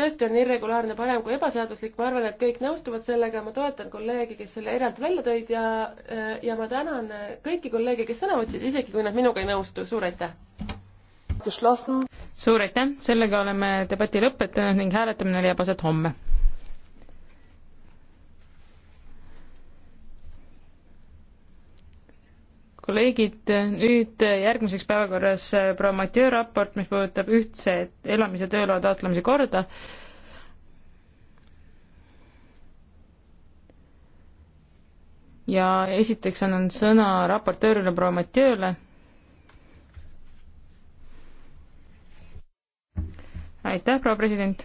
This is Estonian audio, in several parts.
tõesti on irregulaarne parem kui ebaseaduslik, ma arvan, et kõik nõustuvad sellega, ma toetan kolleege, kes selle eraldi välja tõid ja, äh, ja ma tänan äh, kõiki kolleege, kes sõna võtsid, isegi kui nad minuga ei nõustu, suur aitäh! suur aitäh, sellega oleme debati lõpetanud ning hääletamine leiab aset homme kolleegid, nüüd järgmiseks päevakorras äh, proua Mathieu raport, mis puudutab ühtse elamise tööloa taotlemise korda. ja esiteks annan sõna raportöörile proua Mathieu'le. aitäh, proua president,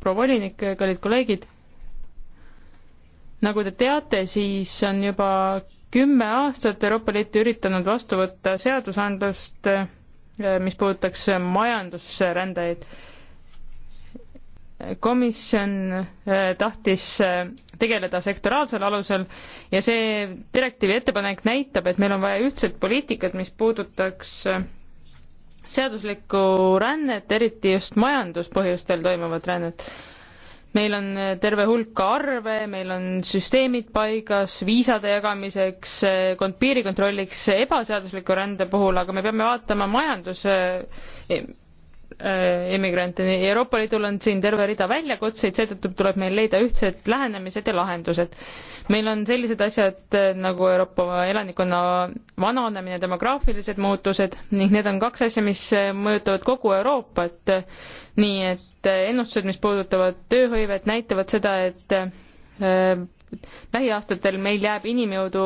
proua volinik, kallid kolleegid. nagu te teate, siis on juba kümme aastat Euroopa Liit üritanud vastu võtta seadusandlust, eh, mis puudutaks majandusrändajaid. komisjon eh, tahtis eh, tegeleda sektoraalsel alusel ja see direktiivi ettepanek näitab, et meil on vaja ühtset poliitikat, mis puudutaks seaduslikku rännet, eriti just majanduspõhjustel toimuvat rännet meil on äh, terve hulk arve, meil on süsteemid paigas viisade jagamiseks, äh, piirikontrolliks äh, ebaseadusliku rände puhul, aga me peame vaatama majanduse immigrante. Euroopa Liidul on siin terve rida väljakutseid, seetõttu tuleb meil leida ühtsed lähenemised ja lahendused meil on sellised asjad eh, nagu Euroopa elanikkonna vananemine, demograafilised muutused ning need on kaks asja, mis eh, mõjutavad kogu Euroopat. nii et eh, ennustused, mis puudutavad tööhõivet, näitavad seda, et äh, lähiaastatel meil jääb inimjõudu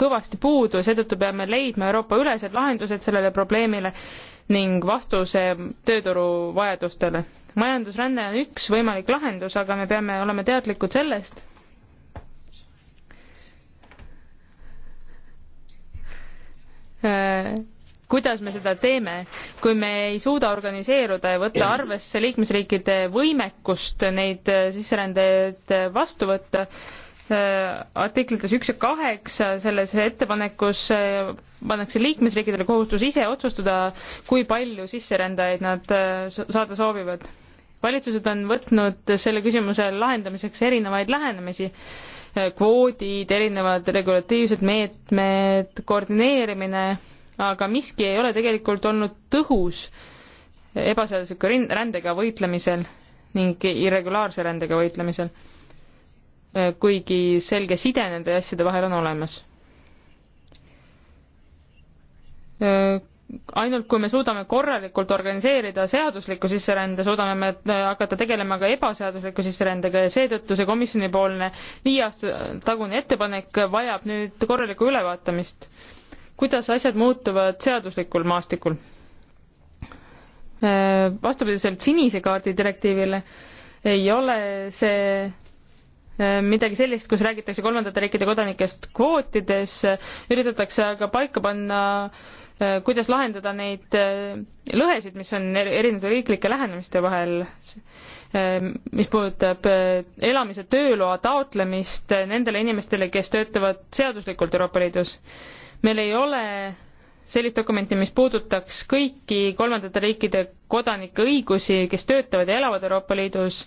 kõvasti puudu ja seetõttu peame leidma Euroopa-ülesed lahendused sellele probleemile ning vastuse tööturu vajadustele. majandusränne on üks võimalik lahendus, aga me peame olema teadlikud sellest, Äh, kuidas me seda teeme, kui me ei suuda organiseeruda ja võtta arvesse liikmesriikide võimekust neid äh, sisserändajaid äh, vastu võtta, artiklites üks ja kaheksa selles ettepanekus pannakse liikmesriikidele kohustus ise otsustada, kui palju sisserändajaid nad saada soovivad. valitsused on võtnud selle küsimuse lahendamiseks erinevaid lähenemisi kvoodid, erinevad regulatiivsed meetmed, koordineerimine, aga miski ei ole tegelikult olnud tõhus ebaseadusliku rändega võitlemisel ning irregulaarse rändega võitlemisel. kuigi selge side nende asjade vahel on olemas ainult kui me suudame korralikult organiseerida seadusliku sisserände, suudame me äh, hakata tegelema ka ebaseadusliku sisserändega ja seetõttu see komisjonipoolne viie aasta tagune ettepanek vajab nüüd korralikku ülevaatamist. kuidas asjad muutuvad seaduslikul maastikul? Äh, vastupidiselt sinise kaardi direktiivile ei ole see äh, midagi sellist, kus räägitakse kolmandate riikide kodanikest kvootides, üritatakse aga paika panna äh, Äh, kuidas lahendada neid äh, lõhesid, mis on erinevate riiklike lähenemiste vahel, äh, mis puudutab elamise tööloa taotlemist nendele inimestele, kes töötavad seaduslikult Euroopa Liidus. meil ei ole sellist dokumenti, mis puudutaks kõiki kolmandate riikide kodanike õigusi, kes töötavad ja elavad Euroopa Liidus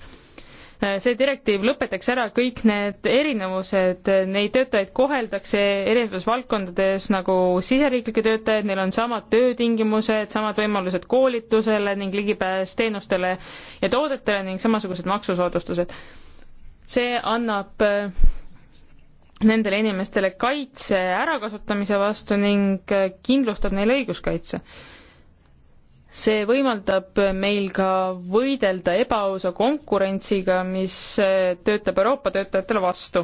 see direktiiv lõpetaks ära kõik need erinevused, neid töötajaid koheldakse erinevates valdkondades nagu siseriiklikke töötajaid, neil on samad töötingimused, samad võimalused koolitusele ning ligipääs teenustele ja toodetele ning samasugused maksusoodustused. see annab äh, nendele inimestele kaitse ärakasutamise vastu ning äh, kindlustab neile õiguskaitse see võimaldab meil ka võidelda ebaausa konkurentsiga, mis töötab Euroopa töötajatele vastu.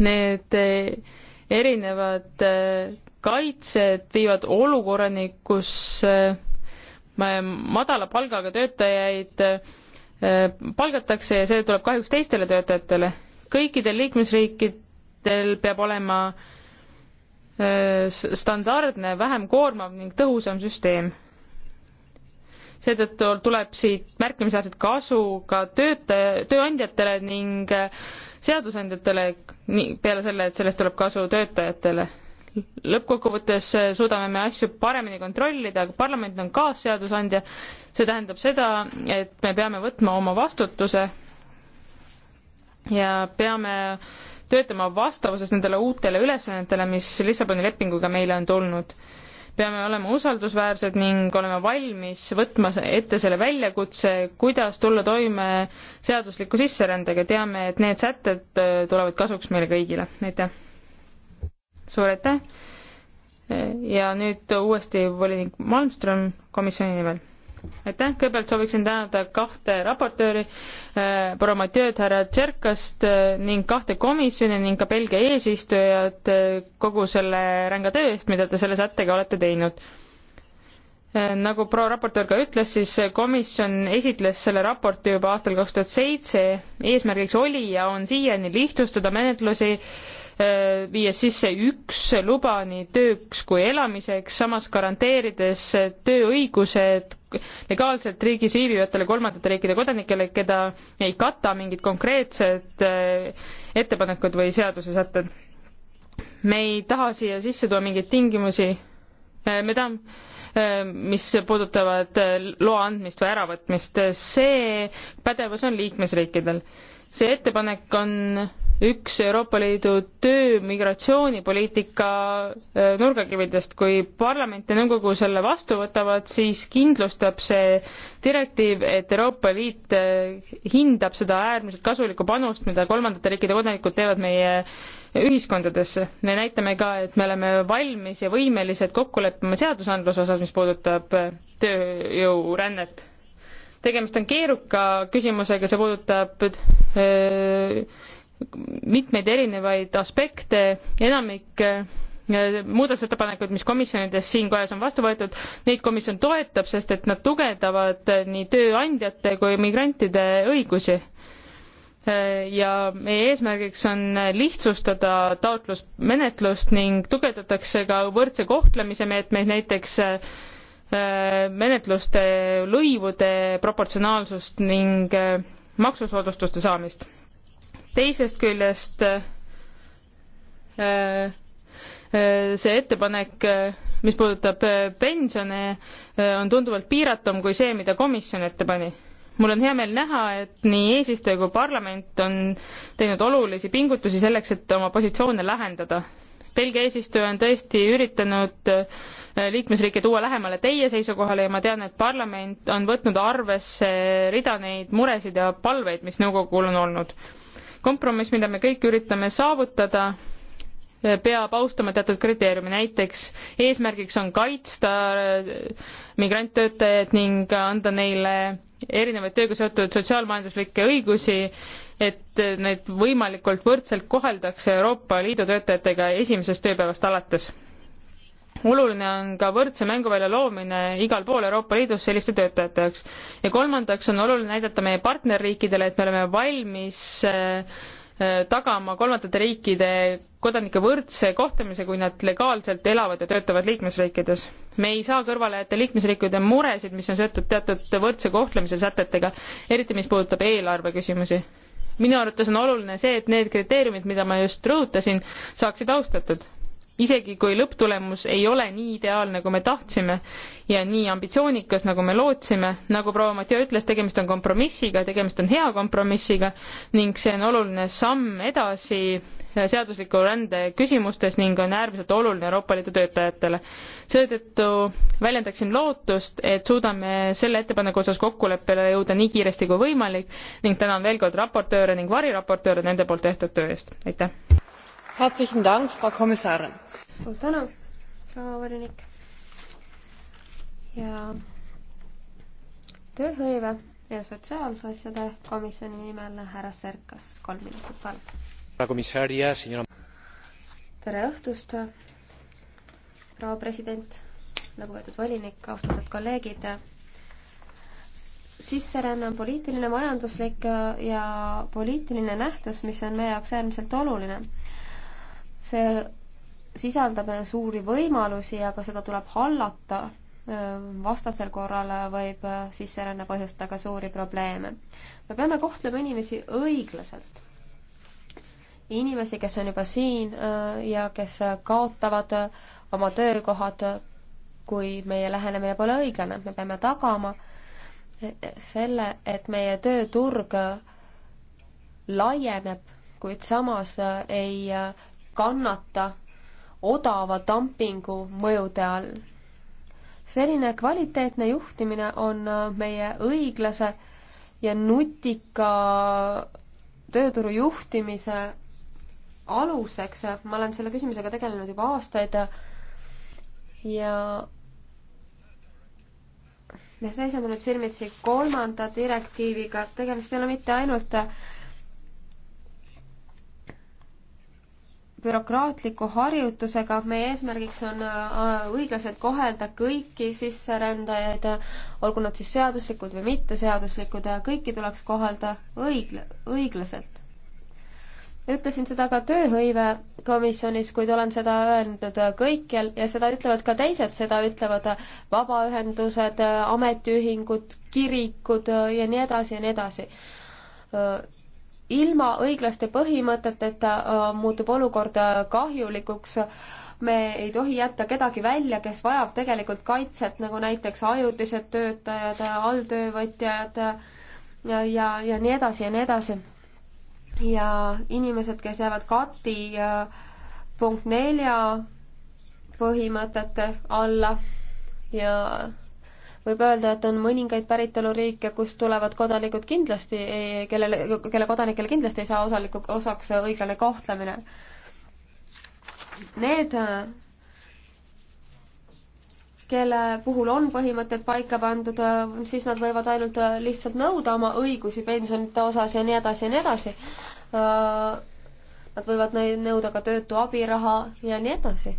Need erinevad kaitsed viivad olukorrani, kus madala palgaga töötajaid palgatakse ja see tuleb kahjuks teistele töötajatele. kõikidel liikmesriikidel peab olema äh, Äh, standardne, vähem koormav ning tõhusam süsteem. seetõttu tuleb siit märkimisväärset kasu ka töötaja, tööandjatele ning äh, seadusandjatele, peale selle, et sellest tuleb kasu töötajatele. lõppkokkuvõttes äh, suudame me asju paremini kontrollida, aga parlament on kaasseadusandja, see tähendab seda, et me peame võtma oma vastutuse ja peame äh, töötama vastavuses nendele uutele ülesannetele, mis Lissaboni lepinguga meile on tulnud. peame olema usaldusväärsed ning olema valmis võtma ette selle väljakutse, kuidas tulla toime seadusliku sisserändega, teame, et need sätted äh, tulevad kasuks meile kõigile, aitäh! suur aitäh! ja nüüd uuesti volinik Malmström komisjoni nimel aitäh, kõigepealt sooviksin tänada kahte raportööri äh,, promotööd härra Tšerkast äh, ning kahte komisjoni ning ka Belgia eesistujat äh, kogu selle ränga töö eest, mida te selle sättega olete teinud äh, nagu proua raportöör ka ütles, siis komisjon esitles selle raporti juba aastal kaks tuhat seitse, eesmärgiks oli ja on siiani lihtsustada menetlusi äh, Äh, viies sisse üks luba nii tööks kui elamiseks, samas garanteerides tööõigused legaalselt riigis viibivatele kolmandate riikide kodanikele, keda ei kata mingid konkreetsed äh, ettepanekud või seadusesätted. me ei taha siia sisse tuua mingeid tingimusi, äh, me tahame mis puudutavad loa andmist või äravõtmist, see pädevus on liikmesriikidel. see ettepanek on üks Euroopa Liidu töömigratsioonipoliitika äh, nurgakividest. kui parlament ja nõukogu selle vastu võtavad, siis kindlustab see direktiiv, et Euroopa Liit äh, hindab seda äärmiselt kasulikku panust, mida kolmandate riikide kodanikud teevad meie ühiskondadesse. me näitame ka, et me oleme valmis ja võimelised kokku leppima seadusandluse osas, mis puudutab äh, tööjõurännet. tegemist on keeruka küsimusega, see puudutab öö, mitmeid erinevaid aspekte, enamik äh, muudatusettepanekuid, mis komisjonides siin kojas on vastu võetud, neid komisjon toetab, sest et nad tugevdavad äh, nii tööandjate kui migrantide õigusi. Äh, ja meie eesmärgiks on lihtsustada taotlusmenetlust ning tugevdatakse ka võrdse kohtlemise meetmeid, näiteks menetluste lõivude proportsionaalsust ning maksusoodustuste saamist teisest küljest äh, äh, see ettepanek, äh, mis puudutab pensione, on tunduvalt piiratum kui see, mida komisjon ette pani. mul on hea meel näha, et nii eesistuja kui parlament on teinud olulisi pingutusi selleks, et oma positsioone lähendada. Belgia eesistuja on tõesti üritanud liikmesriike tuua lähemale teie seisukohale ja ma tean, et parlament on võtnud arvesse rida neid muresid ja palveid, mis nõukogul on olnud kompromiss, mida me kõik üritame saavutada, peab austama teatud kriteeriumi, näiteks eesmärgiks on kaitsta äh, migranttöötajaid ning anda neile erinevaid tööga seotud sotsiaalmajanduslikke õigusi, et need võimalikult võrdselt koheldakse Euroopa Liidu töötajatega esimesest tööpäevast alates oluline on ka võrdse mänguvälja loomine igal pool Euroopa Liidus selliste töötajate jaoks. ja kolmandaks on oluline näidata meie partnerriikidele, et me oleme valmis äh, äh, tagama kolmandate riikide kodanike võrdse kohtlemise, kui nad legaalselt elavad ja töötavad liikmesriikides. me ei saa kõrvale jätta liikmesriikide muresid, mis on seotud teatud võrdse kohtlemise sätetega, eriti mis puudutab eelarve küsimusi. minu arvates on oluline see, et need kriteeriumid, mida ma just rõhutasin, saaksid austatud isegi kui lõpptulemus ei ole nii ideaalne, kui me tahtsime ja nii ambitsioonikas, nagu me lootsime, nagu proua Mathieu ütles, tegemist on kompromissiga, tegemist on hea kompromissiga ning see on oluline samm edasi seadusliku rände küsimustes ning on äärmiselt oluline Euroopa Liidu töötajatele. seetõttu väljendaksin lootust, et suudame selle ettepaneku osas kokkuleppele jõuda nii kiiresti kui võimalik ning tänan veel kord raportööre ning variraportööre nende poolt tehtud töö eest, aitäh! herzlichen Dank, Frau Kommissarin. suur tänu, proua volinik. ja tööhõive ja sotsiaalasjade komisjoni nimel härra Serkas, kolm minutit, palun. tere õhtust, proua president, lugupeetud volinik, austatud kolleegid sisseränne on poliitiline, majanduslik ja poliitiline nähtus, mis on meie jaoks äärmiselt oluline see sisaldab suuri võimalusi, aga seda tuleb hallata, vastasel korral võib sisseränne põhjustada ka suuri probleeme. me peame kohtlema inimesi õiglaselt. inimesi, kes on juba siin äh, ja kes kaotavad oma töökohad, kui meie lähenemine pole õiglane, me peame tagama selle, et meie tööturg laieneb, kuid samas ei kannata odava dumpingu mõjude all. selline kvaliteetne juhtimine on äh, meie õiglase ja nutika tööturu juhtimise aluseks, ma olen selle küsimusega tegelenud juba aastaid ja me seisame nüüd silmitsi kolmanda direktiiviga, tegemist ei ole mitte ainult bürokraatliku harjutusega, meie eesmärgiks on äh, õiglaselt kohelda kõiki sisserändajaid, olgu nad siis seaduslikud või mitteseaduslikud, kõiki tuleks kohelda õigla-, õiglaselt. ütlesin seda ka tööhõivekomisjonis, kuid olen seda öelnud kõikjal ja seda ütlevad ka teised, seda ütlevad vabaühendused, ametiühingud, kirikud ja nii edasi ja nii edasi äh, ilma õiglaste põhimõteteta äh, muutub olukord äh, kahjulikuks. me ei tohi jätta kedagi välja, kes vajab tegelikult kaitset, nagu näiteks ajutised töötajad, alltöövõtjad ja, äh, ja, ja nii edasi ja nii edasi. ja inimesed, kes jäävad kati punkt nelja põhimõtete alla ja võib öelda, et on mõningaid päritoluriike, kust tulevad kodanikud kindlasti, kellele, kelle kodanikele kindlasti ei saa osaliku, osaks õiglane kohtlemine. Need, kelle puhul on põhimõtted paika pandud, siis nad võivad ainult lihtsalt nõuda oma õigusi pensionite osas ja nii edasi ja nii edasi. Nad võivad nõuda ka töötu abiraha ja nii edasi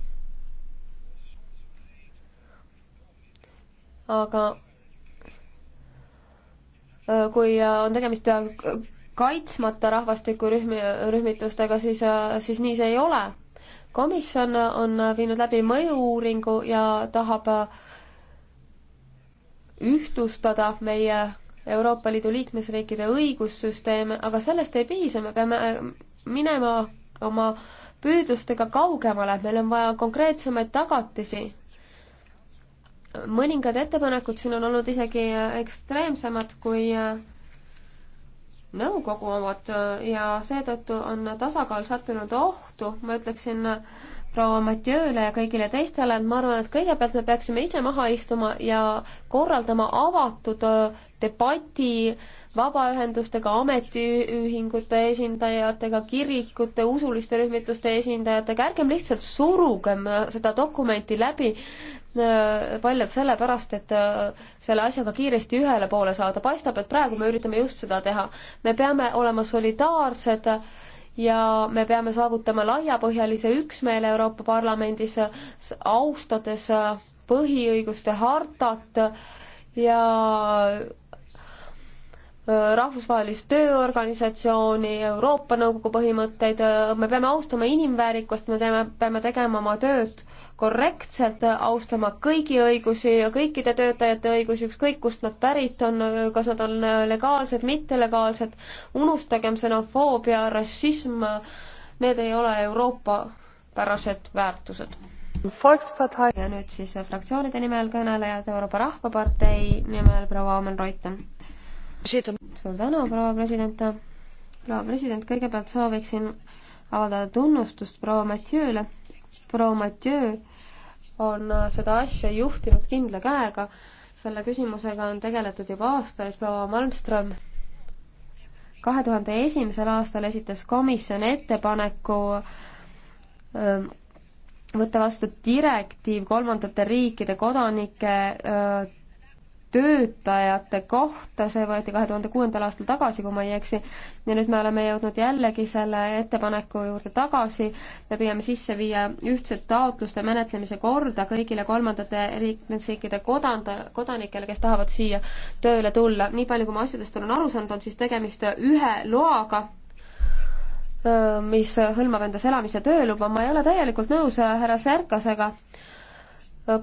aga äh, kui äh, on tegemist äh, kaitsmata rahvastikurühmi, rühmitustega, siis, siis nii see ei ole. komisjon on viinud läbi mõju-uuringu ja tahab ühtlustada meie Euroopa Liidu liikmesriikide õigussüsteeme, aga sellest ei piisa, me peame minema oma püüdlustega kaugemale, meil on vaja konkreetsemaid tagatisi mõningad ettepanekud siin on olnud isegi ekstreemsemad kui äh, nõukogu omad äh, ja seetõttu on tasakaal sattunud ohtu, ma ütleksin äh, proua Matjööle ja kõigile teistele, et ma arvan, et kõigepealt me peaksime ise maha istuma ja korraldama avatud debati äh, vabaühendustega, ametiühingute esindajatega, kirikute, usuliste rühmituste esindajatega, ärgem lihtsalt surugem seda dokumenti läbi äh, paljalt sellepärast, et äh, selle asjaga kiiresti ühele poole saada. paistab, et praegu me üritame just seda teha. me peame olema solidaarsed ja me peame saavutama laiapõhjalise üksmeele Euroopa Parlamendis, austades äh, põhiõiguste hartat ja rahvusvahelist tööorganisatsiooni, Euroopa Nõukogu põhimõtteid, me peame austama inimväärikust, me teeme, peame tegema oma tööd korrektselt, austama kõigi õigusi ja kõikide töötajate õigusi, ükskõik kust nad pärit on, kas nad on legaalsed, mittelegaalsed, unustagem xenofoobia, rassism, need ei ole Euroopa pärased väärtused. ja nüüd siis fraktsioonide nimel kõnelejad, Euroopa Rahvapartei nimel proua Omen Reuten suur tänu, proua president. proua president, kõigepealt sooviksin avaldada tunnustust proua Mathieu'le. proua Mathieu on seda asja juhtinud kindla käega. selle küsimusega on tegeletud juba aastaid. proua Malmström kahe tuhande esimesel aastal esitas komisjon ettepaneku ähm, võtta vastu direktiiv kolmandate riikide kodanike äh, töötajate kohta, see võeti kahe tuhande kuuendal aastal tagasi, kui ma ei eksi, ja nüüd me oleme jõudnud jällegi selle ettepaneku juurde tagasi, me püüame sisse viia ühtset taotluste menetlemise korda kõigile kolmandate liikmesriikide kodanda-, kodanikele, kes tahavad siia tööle tulla. nii palju, kui ma asjadest olen aru saanud, on siis tegemist ühe loaga, mis hõlmab endas elamise tööluba, ma ei ole täielikult nõus äh, härra Serkasega,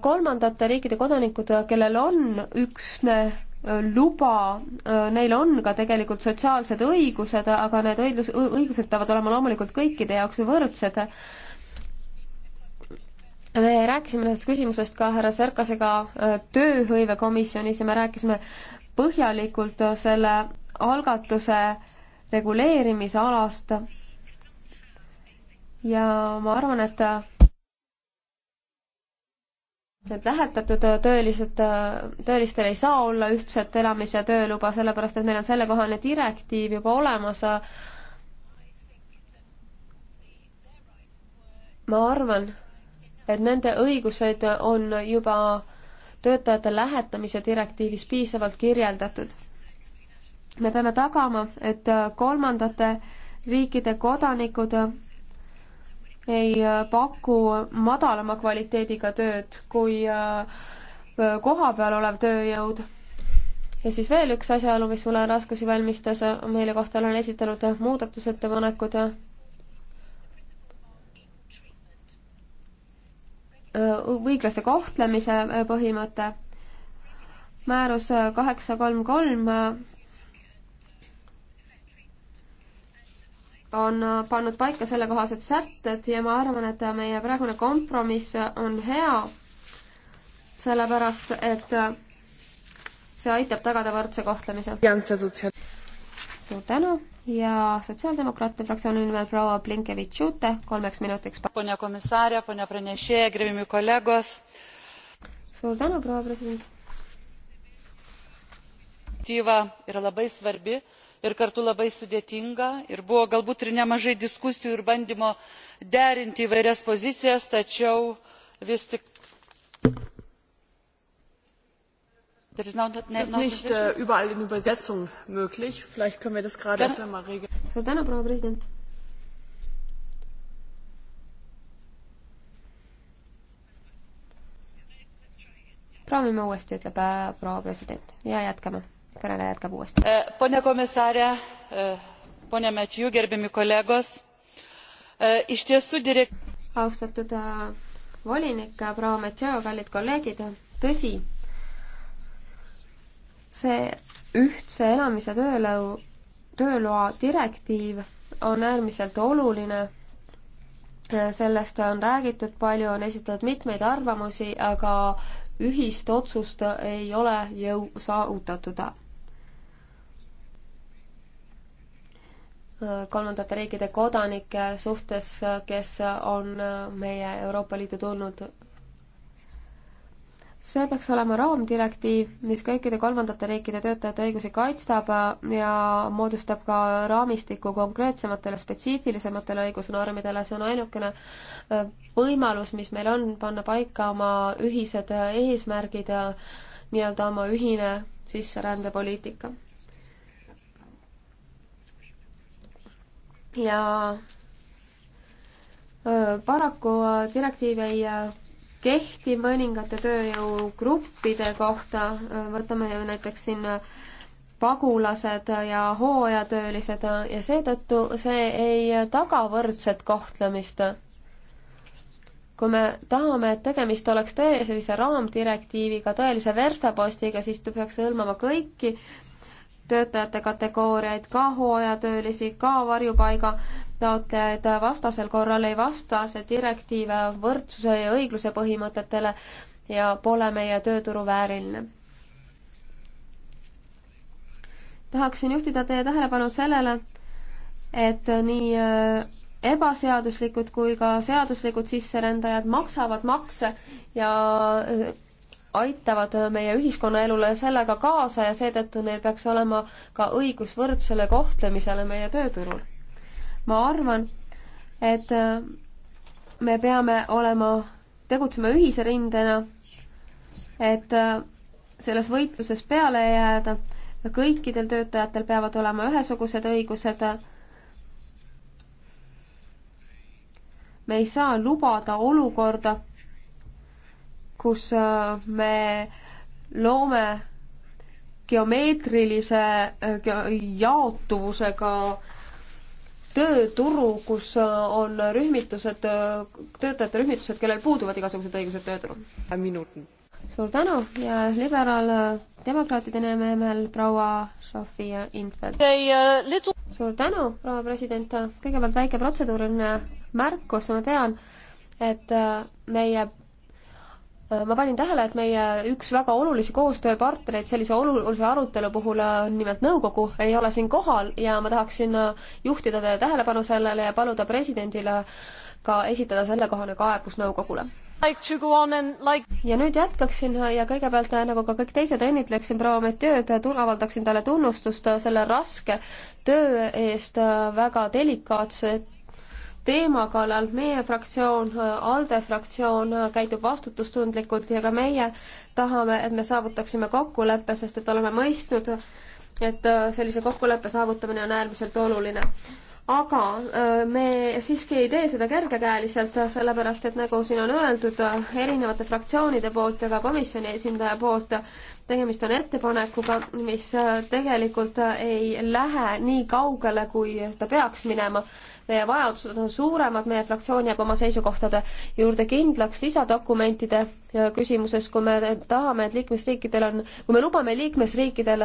kolmandate riikide kodanikud, kellel on üksne äh, luba, äh, neil on ka tegelikult sotsiaalsed õigused, aga need õigus, õigused peavad olema loomulikult kõikide jaoks võrdsed. me rääkisime sellest küsimusest ka härra Serkasega äh, tööhõivekomisjonis ja me rääkisime põhjalikult selle algatuse reguleerimisalast. ja ma arvan, et Need lähetatud töölised, töölistel ei saa olla ühtset elamis- ja tööluba, sellepärast et meil on sellekohane direktiiv juba olemas. ma arvan, et nende õigused on juba töötajate lähetamise direktiivis piisavalt kirjeldatud. me peame tagama, et kolmandate riikide kodanikud ei äh, paku madalama kvaliteediga tööd kui äh, äh, kohapeal olev tööjõud. ja siis veel üks asjaolu, mis mulle raskusi valmistas, meile kohta olen esitanud muudatusettepanekud. õiglase kohtlemise põhimõte määrus kaheksa kolm kolm on äh, pannud paika sellekohased sätted ja ma arvan, et meie praegune kompromiss on hea, sellepärast et äh, see aitab tagada võrdse kohtlemise. suur tänu ja Sotsiaaldemokraatide fraktsiooni nimel proua Blinkevitš-Jute kolmeks minutiks. suur tänu, proua president. direktiiv on väga tähtis ir kartu labai sudėtinga ir buvo galbūt ir nemažai diskusijų ir bandymų derinti įvairias pozicijas tačiau vis tik Es ist nicht äh, überall in Übersetzung möglich. Vielleicht können wir das gerade erst einmal regeln. Suur tänu, proua president. proovime uuesti, ütleb äh, proua president ja jätkame järele jätkab uuesti. Pone komisarė, pone Metšiu, gerbiami kolegos, iš tiesų direkt-. austatud volinik, proua Metšiu, kallid kolleegid, tõsi, see ühtse elamise töölõu, tööloa direktiiv on äärmiselt oluline sellest on räägitud palju, on esitatud mitmeid arvamusi, aga ühist otsust ei ole jõu saavutatud. kolmandate riikide kodanike suhtes, kes on meie Euroopa Liidu tulnud. see peaks olema raamdirektiiv, mis kõikide kolmandate riikide töötajate õigusi kaitstab ja moodustab ka raamistiku konkreetsematele spetsiifilisematele õigusnormidele, see on ainukene äh, võimalus, mis meil on panna paika oma ühised äh, eesmärgid ja äh, nii-öelda oma ühine sisserändepoliitika ja paraku direktiiv ei äh, kehti mõningate tööjõugruppide kohta, võtame näiteks siin äh, pagulased ja hooajatöölised äh, ja seetõttu see ei taga võrdset kohtlemist. kui me tahame, et tegemist oleks tõelise raamdirektiiviga, tõelise verstapostiga, siis ta peaks hõlmama kõiki töötajate kategooriaid, ka hooajatöölisi, ka varjupaiga taotlejaid, vastasel korral ei vasta see direktiiv võrdsuse ja õigluse põhimõtetele ja pole meie tööturu vääriline. tahaksin juhtida teie tähelepanu sellele, et nii äh, ebaseaduslikud kui ka seaduslikud sisserändajad maksavad makse ja äh, aitavad meie ühiskonnaelule sellega kaasa ja seetõttu neil peaks olema ka õigus võrdsele kohtlemisele meie tööturul. ma arvan, et äh, me peame olema, tegutsema ühise rindena, et äh, selles võitluses peale ei jääda, kõikidel töötajatel peavad olema ühesugused õigused me ei saa lubada olukorda, kus äh, me loome geomeetrilise äh, jaotuvusega tööturu, kus äh, on rühmitused, töötajate rühmitused, kellel puuduvad igasugused õigused tööturul. minutin. suur tänu ja liberaaldemokraatide nimel proua Sofia Infeld hey,. Uh, little... suur tänu, proua president, kõigepealt väike protseduuriline märkus, ma tean, et meie Äh, ma panin tähele, et meie üks väga olulisi koostööpartnereid sellise olulise arutelu puhul, äh, nimelt nõukogu, ei ole siin kohal ja ma tahaksin äh, juhtida teie tähelepanu sellele ja paluda presidendile ka esitada sellekohane kaebus nõukogule. ja nüüd jätkaksin ja kõigepealt, nagu ka kõik teised, õnnitleksin proua Metjööd, avaldaksin talle tunnustust selle raske töö eest väga delikaatset teema kallal. meie fraktsioon, ALDE fraktsioon käitub vastutustundlikult ja ka meie tahame, et me saavutaksime kokkuleppe, sest et oleme mõistnud, et äh, sellise kokkuleppe saavutamine on äärmiselt oluline. aga äh, me siiski ei tee seda kergekäeliselt, sellepärast et nagu siin on öeldud äh, erinevate fraktsioonide poolt ja ka komisjoni esindaja poolt, tegemist on ettepanekuga, mis äh, tegelikult äh, ei lähe nii kaugele, kui ta peaks minema. meie vajadused on suuremad, meie fraktsioon jääb oma seisukohtade juurde kindlaks lisadokumentide äh, küsimuses, kui me tahame, et liikmesriikidel on, kui me lubame liikmesriikidel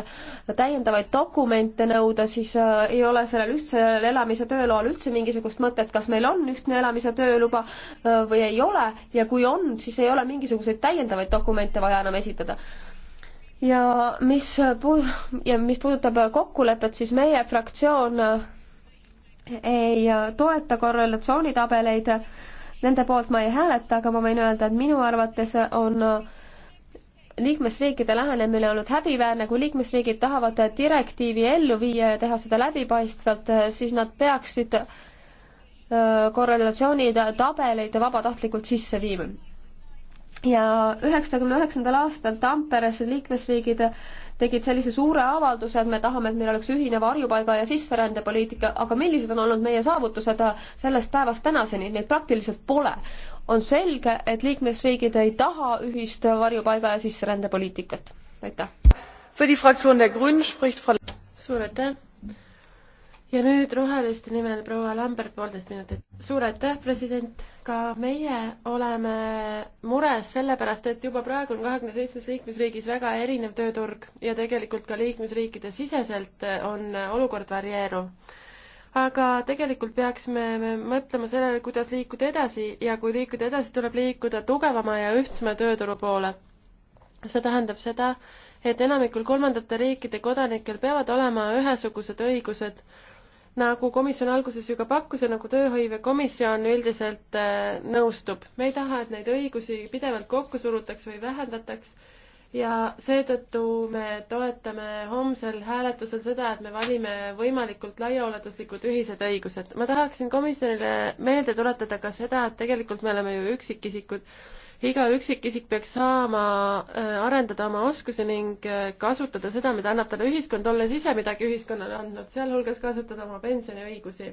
täiendavaid dokumente nõuda, siis ei ole sellel ühtsel elamise tööloal üldse mingisugust mõtet, kas meil on ühtne elamise tööluba või ei ole ja kui on, siis ei ole mingisuguseid täiendavaid dokumente vaja enam esitada ja mis puu-, ja mis puudutab kokkulepet, siis meie fraktsioon ei toeta korrelatsioonitabeleid, nende poolt ma ei hääleta, aga ma võin öelda, et minu arvates on liikmesriikide lähenemine olnud häbiväärne, kui liikmesriigid tahavad direktiivi ellu viia ja teha seda läbipaistvalt, siis nad peaksid äh, korrelatsioonid, tabeleid vabatahtlikult sisse viima ja üheksakümne üheksandal aastal Tamperes liikmesriigid tegid sellise suure avalduse, et me tahame, et meil oleks ühine varjupaiga ja sisserändepoliitika, aga millised on olnud meie saavutused sellest päevast tänaseni, neid praktiliselt pole. on selge, et liikmesriigid ei taha ühist varjupaiga ja sisserändepoliitikat. aitäh. suur aitäh ja nüüd roheliste nimel proua Lambert, poolteist minutit. suur aitäh, president! ka meie oleme mures sellepärast, et juba praegu on kahekümne seitsmes liikmesriigis väga erinev tööturg ja tegelikult ka liikmesriikide siseselt eh, on eh, olukord varieeruv aga tegelikult peaksime me mõtlema sellele, kuidas liikuda edasi ja kui liikuda edasi, tuleb liikuda tugevama ja ühtsema tööturu poole. see tähendab seda, et enamikul kolmandate riikide kodanikel peavad olema ühesugused õigused nagu komisjon alguses ju ka pakkus ja nagu tööhõivekomisjon üldiselt äh, nõustub. me ei taha, et neid õigusi pidevalt kokku surutaks või vähendataks ja seetõttu me toetame homsel hääletusel seda, et me valime võimalikult laiaulatuslikud ühised õigused. ma tahaksin komisjonile meelde tuletada ka seda, et tegelikult me oleme ju üksikisikud iga üksikisik peaks saama äh, arendada oma oskusi ning äh, kasutada seda, mida annab talle ühiskond, olles ise midagi ühiskonnale andnud, sealhulgas kasutada oma pensioniõigusi.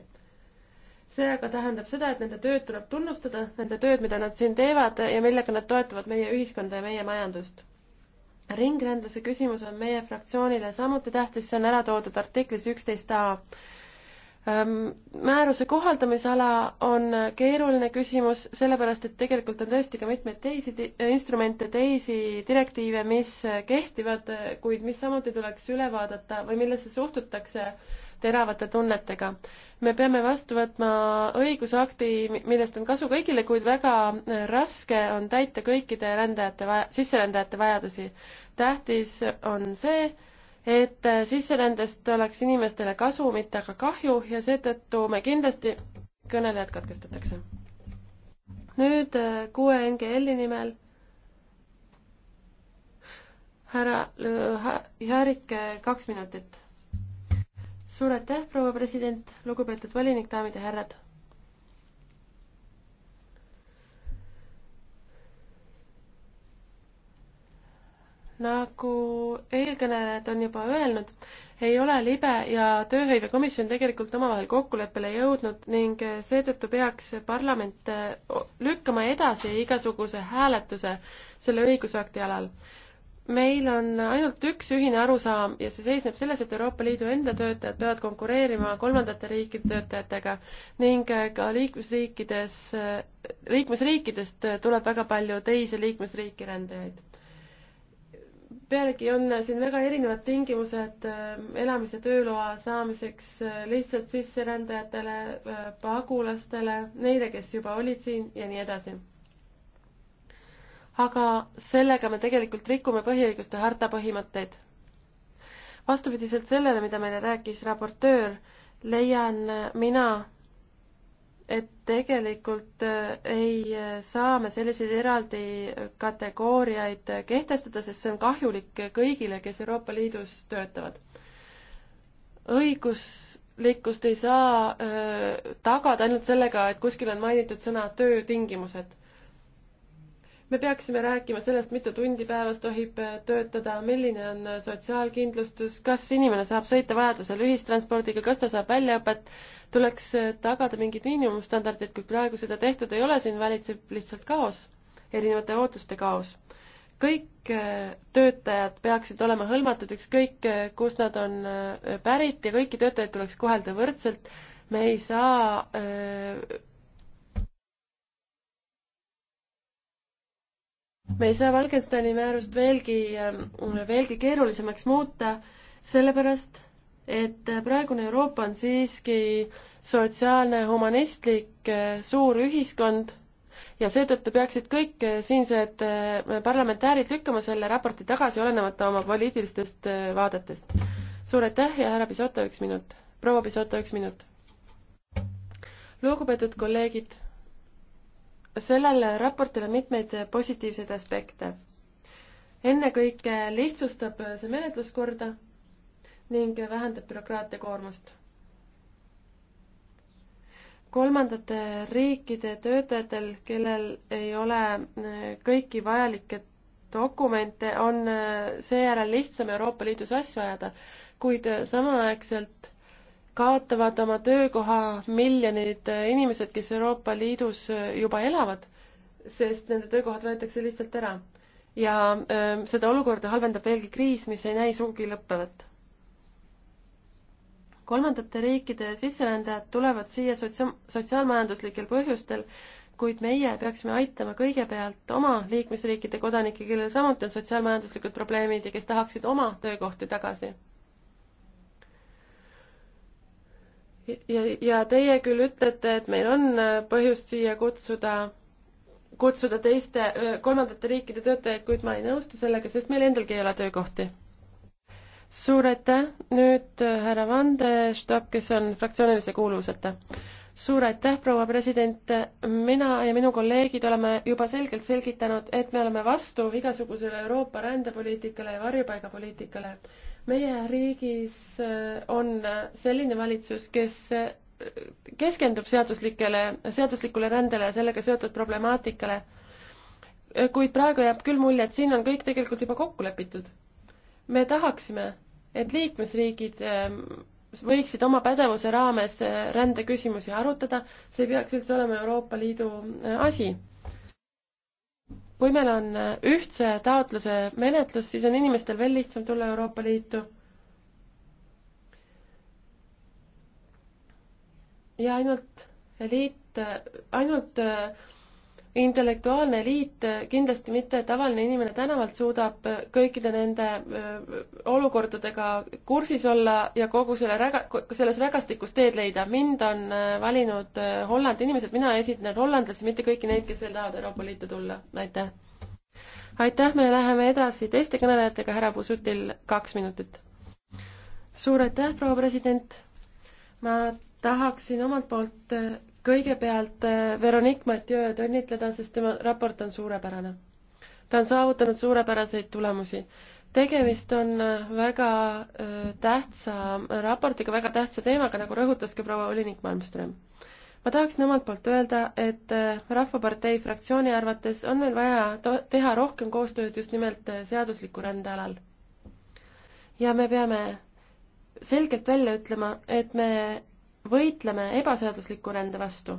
see aga tähendab seda, et nende tööd tuleb tunnustada, nende tööd, mida nad siin teevad ja millega nad toetavad meie ühiskonda ja meie majandust ringrändluse küsimus on meie fraktsioonile samuti tähtis, see on ära toodud artiklis üksteist A määruse kohaldamisala on keeruline küsimus, sellepärast et tegelikult on tõesti ka mitmeid teisi instrumente, teisi direktiive, mis kehtivad, kuid mis samuti tuleks üle vaadata või millesse suhtutakse teravate tunnetega. me peame vastu võtma õigusakti, millest on kasu kõigile, kuid väga raske on täita kõikide rändajate, sisserändajate vajadusi. tähtis on see, et sisserändest oleks inimestele kasu, mitte aga kahju ja seetõttu me kindlasti, kõnelejad katkestatakse. nüüd äh, kuue NGL-i nimel härra äh, Jaarik, äh, kaks minutit. suur aitäh, proua president, lugupeetud volinik, daamid ja härrad nagu eelkõnelejad on juba öelnud, ei ole libe ja tööhõivekomisjon tegelikult omavahel kokkuleppele jõudnud ning seetõttu peaks parlament lükkama edasi igasuguse hääletuse selle õigusakti alal. meil on ainult üks ühine arusaam ja see seisneb selles, et Euroopa Liidu enda töötajad peavad konkureerima kolmandate riikide töötajatega ning ka liikmesriikides, liikmesriikidest tuleb väga palju teise liikmesriiki rändajaid pealegi on siin väga erinevad tingimused äh, elamis- ja tööloa saamiseks äh, lihtsalt sisserändajatele, äh, pagulastele, neile, kes juba olid siin ja nii edasi aga sellega me tegelikult rikume põhiõiguste harta põhimõtteid. vastupidiselt sellele, mida meile rääkis raportöör, leian mina, et tegelikult äh, ei äh, saa me selliseid eraldi kategooriaid kehtestada, sest see on kahjulik kõigile, kes Euroopa Liidus töötavad. õiguslikkust ei saa öö, äh, tagada ainult sellega, et kuskil on mainitud sõna töötingimused me peaksime rääkima sellest, mitu tundi päevas tohib äh, töötada, milline on äh, sotsiaalkindlustus, kas inimene saab sõita vajadusel ühistranspordiga, kas ta saab väljaõpet, tuleks äh, tagada mingid miinimumstandardid, kui praegu seda tehtud ei ole, siin valitseb lihtsalt kaos, erinevate ootuste kaos. kõik töötajad peaksid olema hõlmatud, ükskõik kust nad on pärit ja kõiki töötajaid tuleks kohelda võrdselt, me ei saa öö, me ei saa Valgensteini määrust veelgi, ähm, veelgi keerulisemaks muuta, sellepärast et äh, praegune Euroopa on siiski sotsiaalne, humanistlik äh, suur ühiskond ja seetõttu peaksid kõik äh, siinsed parlamentäärid lükkama selle raporti tagasi, olenemata oma poliitilistest vaadetest. suur aitäh ja härra Pisoto, üks minut. proua Pisoto, üks minut. lugupeetud kolleegid sellel raportil on mitmeid positiivseid aspekte. ennekõike lihtsustab see menetluskorda ning vähendab bürokraatia koormust. kolmandate riikide töötajatel, kellel ei ole eh, kõiki vajalikke dokumente, on eh, seejärel lihtsam Euroopa Liidus asju ajada, kuid eh, samaaegselt kaotavad oma töökoha miljonid inimesed, kes Euroopa Liidus juba elavad, sest nende töökohad võetakse lihtsalt ära. ja öö, ähm, seda olukorda halvendab veelgi kriis, mis ei näi sugugi lõppevat. kolmandate riikide sisserändajad tulevad siia sotsia-, sotsiaalmajanduslikel põhjustel, kuid meie peaksime aitama kõigepealt oma liikmesriikide kodanikke, kellel samuti on sotsiaalmajanduslikud probleemid ja kes tahaksid oma töökohti tagasi ja, ja teie küll ütlete, et meil on äh, põhjust siia kutsuda, kutsuda teiste, äh, kolmandate riikide töötajaid, kuid ma ei nõustu sellega, sest meil endalgi ei ole töökohti. suur aitäh, nüüd äh, härra Vandestab, kes on fraktsioonilise kuuluvuseta. suur aitäh, proua president, mina ja minu kolleegid oleme juba selgelt selgitanud, et me oleme vastu igasugusele Euroopa rändepoliitikale ja varjupaigapoliitikale meie riigis äh, on äh, selline valitsus, kes äh, keskendub seaduslikele, seaduslikule rändele ja sellega seotud problemaatikale. kuid praegu jääb küll mulje, et siin on kõik tegelikult juba kokku lepitud. me tahaksime, et liikmesriigid ähm, võiksid oma pädevuse raames rändeküsimusi arutada, see ei peaks üldse olema Euroopa Liidu asi kui meil on ühtse taotluse menetlus, siis on inimestel veel lihtsam tulla Euroopa Liitu. ja ainult eliit, ainult äh, intellektuaalne eliit, kindlasti mitte tavaline inimene tänavalt, suudab äh, kõikide nende äh, olukordadega kursis olla ja kogu selle räga, selles rägastikus teed leida. mind on äh, valinud Hollandi inimesed, mina esitlen hollandlasi, mitte kõiki neid, kes veel tahavad Euroopa Liitu tulla. aitäh! aitäh, me läheme edasi teiste kõnelejatega, härra Pusutil kaks minutit. suur aitäh, proua president! ma tahaksin omalt poolt kõigepealt äh, Veronique Mathieu õnnitleda, sest tema raport on suurepärane. ta on saavutanud suurepäraseid tulemusi. tegemist on äh, väga äh, tähtsa raportiga, väga tähtsa teemaga, nagu rõhutas ka proua volinik Malmström. ma tahaksin omalt poolt öelda, et Rahvapartei fraktsiooni arvates on meil vaja teha rohkem koostööd just nimelt seadusliku rände alal. ja me peame selgelt välja ütlema, et me võitleme ebaseadusliku rände vastu.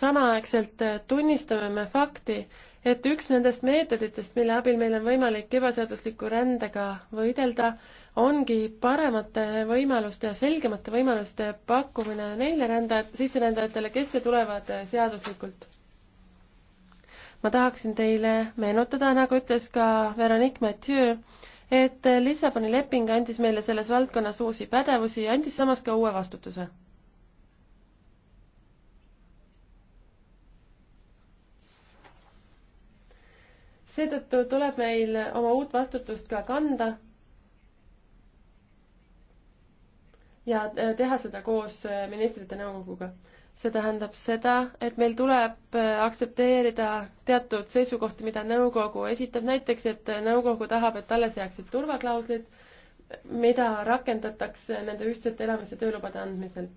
samaaegselt äh, tunnistame me fakti, et üks nendest meetoditest, mille abil meil on võimalik ebaseadusliku rändega võidelda, ongi paremate võimaluste ja selgemate võimaluste pakkumine neile rändajad, sisserändajatele, kes tulevad äh, seaduslikult. ma tahaksin teile meenutada, nagu ütles ka Veronique Mathieu, et Lissaboni leping andis meile selles valdkonnas uusi pädevusi ja andis samas ka uue vastutuse. seetõttu tuleb meil oma uut vastutust ka kanda ja äh, teha seda koos äh, ministrite nõukoguga see tähendab seda, et meil tuleb äh, aktsepteerida teatud seisukohti, mida nõukogu esitab, näiteks et nõukogu tahab, et alles jääksid turvaklauslid, mida rakendatakse nende ühtsete elamise töölubade andmisel.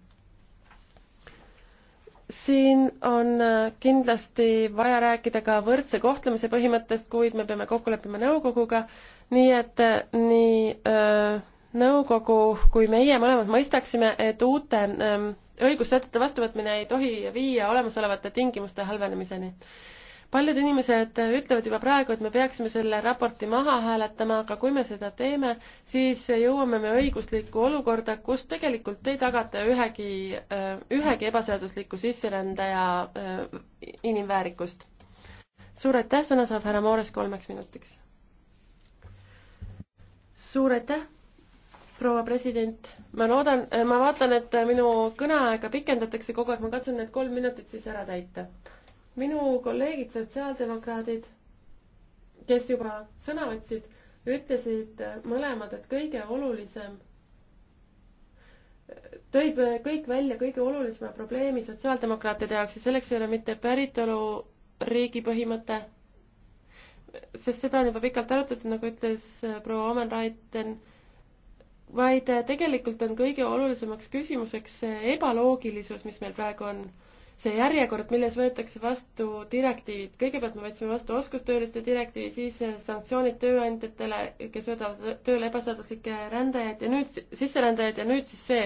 siin on äh, kindlasti vaja rääkida ka võrdse kohtlemise põhimõttest, kuid me peame kokku leppima nõukoguga, nii et äh, nii öö, nõukogu kui meie mõlemad mõistaksime, et uute öö, ähm, õigussätete vastuvõtmine ei tohi viia olemasolevate tingimuste halvenemiseni. paljud inimesed ütlevad juba praegu, et me peaksime selle raporti maha hääletama, aga kui me seda teeme, siis jõuame me õiguslikku olukorda, kus tegelikult ei tagata ühegi, ühegi ebaseadusliku sisserändaja äh, inimväärikust. suur aitäh, sõna saab härra Moores kolmeks minutiks. suur aitäh proua president, ma loodan, ma vaatan, et minu kõneaega pikendatakse kogu aeg, ma katsun need kolm minutit siis ära täita. minu kolleegid, sotsiaaldemokraadid, kes juba sõna võtsid, ütlesid mõlemad, et kõige olulisem, tõid kõik välja kõige olulisema probleemi sotsiaaldemokraatide jaoks ja selleks ei ole mitte päritoluriigi põhimõte, sest seda on juba pikalt arutatud, nagu ütles proua Omen Raiten vaid äh, tegelikult on kõige olulisemaks küsimuseks see ebaloogilisus, mis meil praegu on. see järjekord, milles võetakse vastu direktiivid, kõigepealt me võtsime vastu oskustööliste direktiivi, siis äh, sanktsioonid tööandjatele, kes võtavad tööle ebaseaduslikke rändajaid ja nüüd sisserändajaid ja nüüd siis see.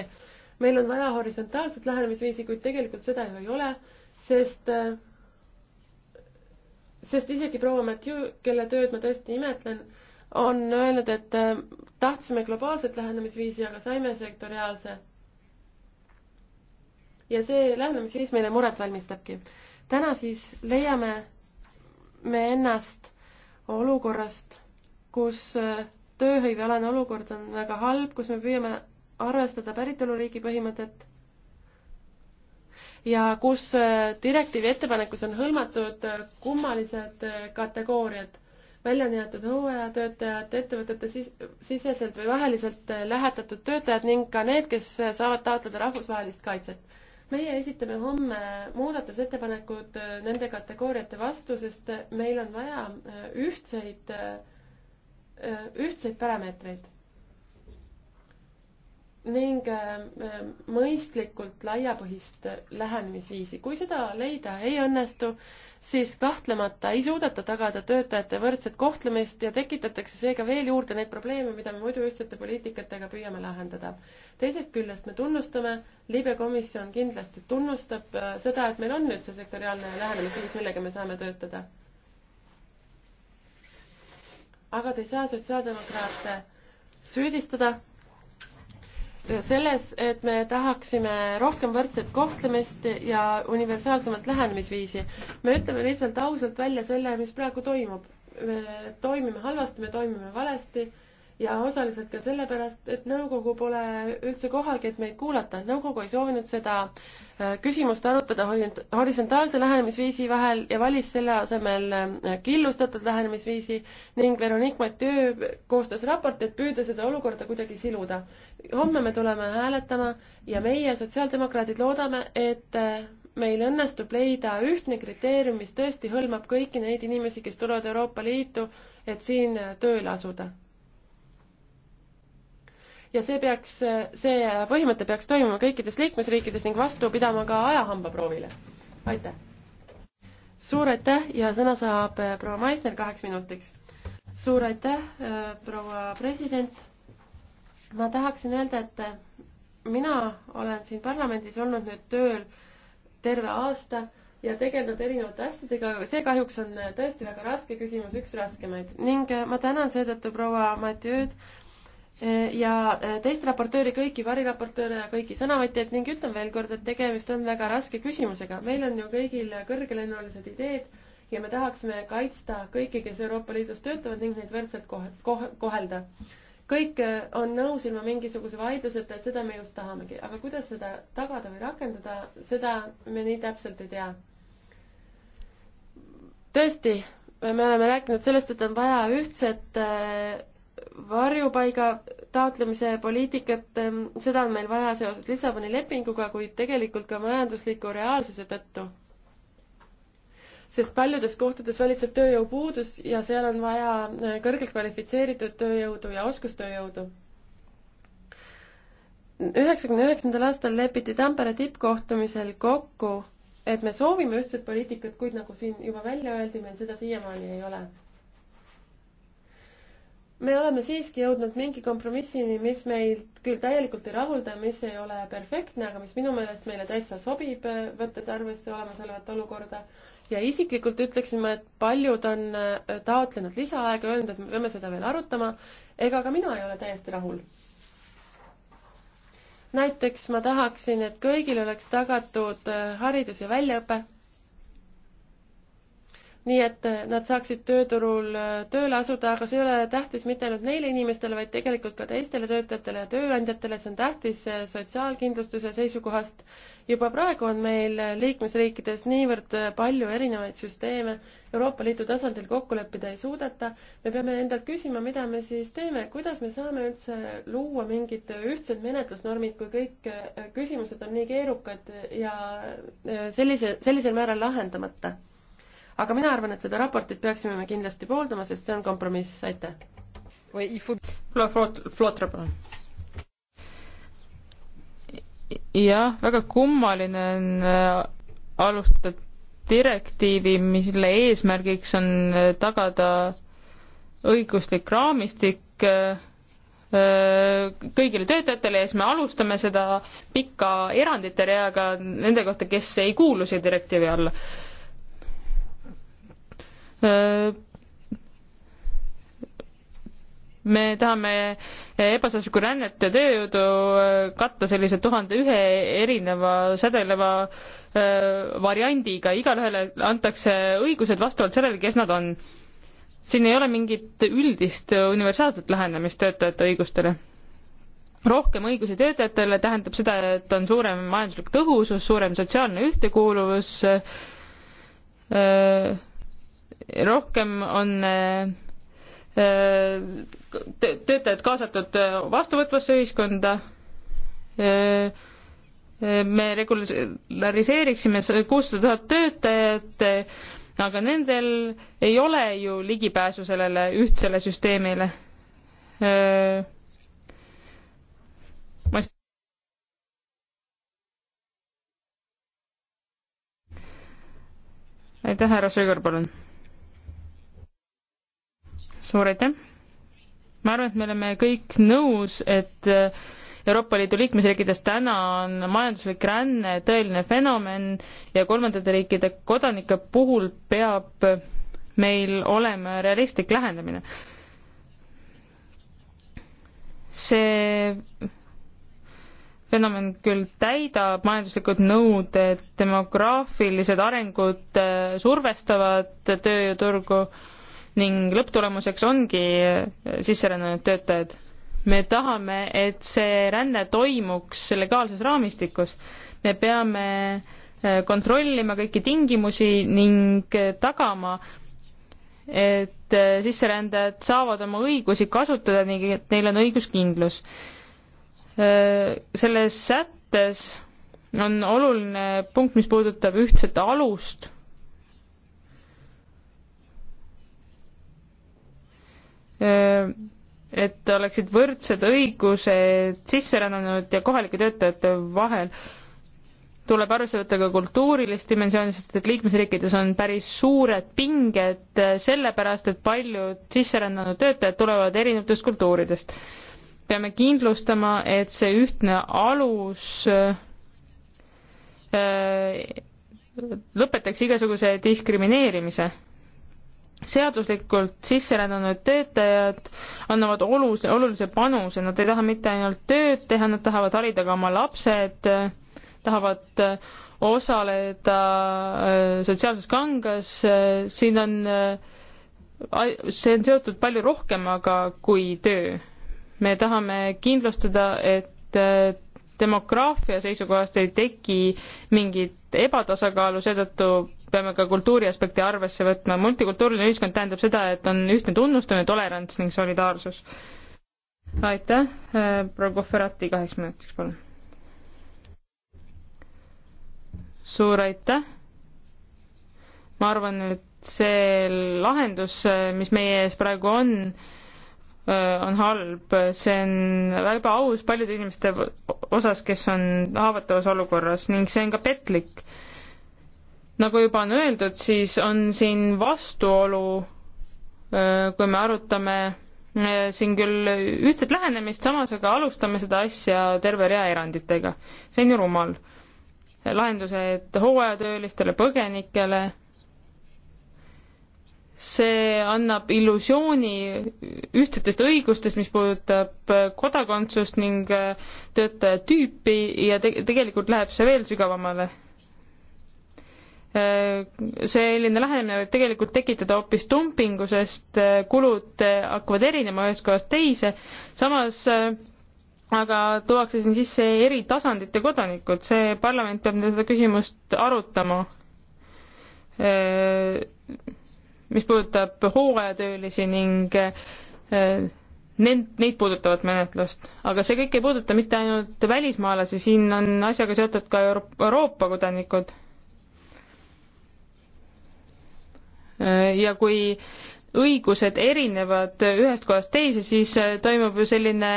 meil on vaja horisontaalset lähenemisviisi, kuid tegelikult seda ju ei ole, sest äh, sest isegi proua Mathieu, kelle tööd ma tõesti imetlen on öelnud, et äh, tahtsime globaalset lähenemisviisi, aga saime sektoriaalse. ja see lähenemisviis meile muret valmistabki. täna siis leiame me ennast olukorrast, kus äh, tööhõivealane olukord on väga halb, kus me püüame arvestada päritoluriigi põhimõtet ja kus äh, direktiivi ettepanekus on hõlmatud kummalised kategooriad välja on jäetud hooajatöötajad, ettevõtete sis-, siseselt või vaheliselt äh, lähetatud töötajad ning ka need, kes äh, saavad taotleda rahvusvahelist kaitset. meie esitame homme muudatusettepanekud äh, nende kategooriate vastu, sest meil on vaja ühtseid, ühtseid parameetreid. ning mõistlikult laiapõhist lähenemisviisi. kui seda leida ei õnnestu, siis kahtlemata ei suudeta tagada töötajate võrdset kohtlemist ja tekitatakse seega veel juurde neid probleeme, mida me muidu ühtsete poliitikatega püüame lahendada. teisest küljest me tunnustame, libe komisjon kindlasti tunnustab äh, seda, et meil on nüüd see sektoriaalne lähenemisviis, millega me saame töötada. aga te ei saa sotsiaaldemokraate süüdistada selles, et me tahaksime rohkem võrdset kohtlemist ja universaalsemat lähenemisviisi. me ütleme lihtsalt ausalt välja selle, mis praegu toimub. me toimime halvasti, me toimime valesti ja osaliselt ka sellepärast, et nõukogu pole üldse kohalgi, et meid kuulata. nõukogu ei soovinud seda äh, küsimust arutada horisontaalse lähenemisviisi vahel ja valis selle asemel äh, killustatud lähenemisviisi ning Veronique Mathieu koostas raporti, et püüda seda olukorda kuidagi siluda. homme me tuleme hääletama ja meie, sotsiaaldemokraadid, loodame, et äh, meil õnnestub leida ühtne kriteerium, mis tõesti hõlmab kõiki neid inimesi, kes tulevad Euroopa Liitu, et siin tööle asuda ja see peaks, see põhimõte peaks toimuma kõikides liikmesriikides ning vastu pidama ka ajahambaproovile. aitäh! suur aitäh ja sõna saab äh, proua Maisner kaheks minutiks. suur aitäh, äh, proua president! ma tahaksin öelda, et äh, mina olen siin parlamendis olnud nüüd tööl terve aasta ja tegelenud erinevate asjadega, aga see kahjuks on tõesti väga raske küsimus, üks raskemaid ning ma tänan seetõttu proua Matjööd ja äh, teist raportööri, kõiki variraportööre ja kõiki sõnavõtjaid ning ütlen veel kord, et tegemist on väga raske küsimusega. meil on ju kõigil kõrgelennulised ideed ja me tahaksime kaitsta kõiki, kes Euroopa Liidus töötavad ning neid võrdselt kohe, kohe, kohelda. kõik äh, on nõus ilma mingisuguse vaidluseta, et seda me just tahamegi, aga kuidas seda tagada või rakendada, seda me nii täpselt ei tea. tõesti, me oleme rääkinud sellest, et on vaja ühtset äh, varjupaiga taotlemise poliitikat, ehm, seda on meil vaja seoses Lissaboni lepinguga, kuid tegelikult ka majandusliku reaalsuse tõttu. sest paljudes kohtades valitseb tööjõupuudus ja seal on vaja eh, kõrgelt kvalifitseeritud tööjõudu ja oskustööjõudu. üheksakümne üheksandal aastal lepiti Tampere tippkohtumisel kokku, et me soovime ühtset poliitikat, kuid nagu siin juba välja öeldi, meil seda siiamaani ei ole me oleme siiski jõudnud mingi kompromissini, mis meid küll täielikult ei rahulda, mis ei ole perfektne, aga mis minu meelest meile täitsa sobib, võttes arvesse olemasolevat olukorda. ja isiklikult ütleksin ma, et paljud on äh, taotlenud lisaaega, öelnud, et me peame seda veel arutama. ega ka mina ei ole täiesti rahul. näiteks ma tahaksin, et kõigil oleks tagatud äh, haridus ja väljaõpe nii et äh, nad saaksid tööturul äh, tööle asuda, aga see ei ole tähtis mitte ainult neile inimestele, vaid tegelikult ka teistele töötajatele ja tööandjatele, see on tähtis äh, sotsiaalkindlustuse seisukohast. juba praegu on meil liikmesriikides niivõrd palju erinevaid süsteeme, Euroopa Liidu tasandil kokku leppida ei suudeta, me peame endalt küsima, mida me siis teeme, kuidas me saame üldse luua mingid ühtsed menetlusnormid, kui kõik küsimused on nii keerukad ja sellise, sellisel määral lahendamata aga mina arvan, et seda raportit peaksime me kindlasti pooldama, sest see on kompromiss, aitäh. Flotra, palun. jah, väga kummaline on äh, alustada direktiivi, mille eesmärgiks on äh, tagada õiguslik raamistik äh, kõigile töötajatele ja siis me alustame seda pika erandite reaga nende kohta, kes ei kuulu siia direktiivi alla Äh, me tahame ebaseaduslikku rännet ja tööjõudu äh, katta sellise tuhande ühe erineva sädeleva äh, variandiga, igalühele antakse õigused vastavalt sellele, kes nad on. siin ei ole mingit üldist universaalset lähenemist töötajate õigustele. rohkem õigusi töötajatele tähendab seda, et on suurem majanduslik tõhusus, suurem sotsiaalne ühtekuuluvus äh,, rohkem on äh, äh, töötajad kaasatud äh, vastuvõtvasse ühiskonda. me regulariseeriksime kuussada tuhat töötajat, aga nendel ei ole ju ligipääsu sellele ühtsele süsteemile. ma aitäh, härra Sõigar, palun suur aitäh! ma arvan, et me oleme kõik nõus, et äh, Euroopa Liidu liikmesriikides täna on majanduslik ränne tõeline fenomen ja kolmandate riikide kodanike puhul peab meil olema realistlik lähendamine. see fenomen küll täidab majanduslikud nõuded, demograafilised arengud äh, survestavad tööjõuturgu ning lõpptulemuseks ongi äh, sisserännanud töötajad. me tahame, et see ränne toimuks legaalses raamistikus. me peame äh, kontrollima kõiki tingimusi ning äh, tagama, et sisserändajad saavad oma õigusi kasutada ning et neil on õiguskindlus. selles sättes on oluline punkt, mis puudutab ühtset alust et oleksid võrdsed õigused sisserännanud ja kohalike töötajate vahel. tuleb arvesse võtta ka kultuurilist dimensiooni, sest et liikmesriikides on päris suured pinged sellepärast, et paljud sisserännanud töötajad tulevad erinevatest kultuuridest. peame kindlustama, et see ühtne alus lõpetaks igasuguse diskrimineerimise seaduslikult sisserännanud töötajad annavad olus-, olulise panuse, nad ei taha mitte ainult tööd teha, nad tahavad harida ka oma lapsed, tahavad osaleda äh, sotsiaalses kangas, äh, siin on, äh, see on seotud palju rohkemaga kui töö. me tahame kindlustada, et demograafia seisukohast ei teki mingit ebatasakaalu, seetõttu peame ka kultuuri aspekti arvesse võtma. multikultuuriline ühiskond tähendab seda, et on ühtne tunnustamine, tolerants ning solidaarsus. aitäh, äh, proua Kohverati, kaheks minutiks, palun. suur aitäh. ma arvan, et see lahendus, äh, mis meie ees praegu on, äh, on halb, see on väga aus paljude inimeste osas, kes on haavatavas olukorras ning see on ka petlik nagu juba on öeldud, siis on siin vastuolu, kui me arutame siin küll ühtset lähenemist, samas aga alustame seda asja terve rea eranditega. see on ju rumal. lahendused hooajatöölistele, põgenikele, see annab illusiooni ühtsetest õigustest, mis puudutab kodakondsust ning töötaja tüüpi ja te tegelikult läheb see veel sügavamale selline lähenemine võib tegelikult tekitada hoopis dumpingu, sest äh, kulud äh, hakkavad erinema ühest kohast teise, samas äh, aga tuuakse siin sisse eri tasandite kodanikud, see parlament peab seda küsimust arutama. mis puudutab hooajatöölisi ning Nend-, neid puudutavat menetlust, aga see kõik ei puuduta mitte ainult välismaalasi, siin on asjaga seotud ka Euro Euroopa kodanikud ja kui õigused erinevad ühest kohast teise, siis äh, toimub ju selline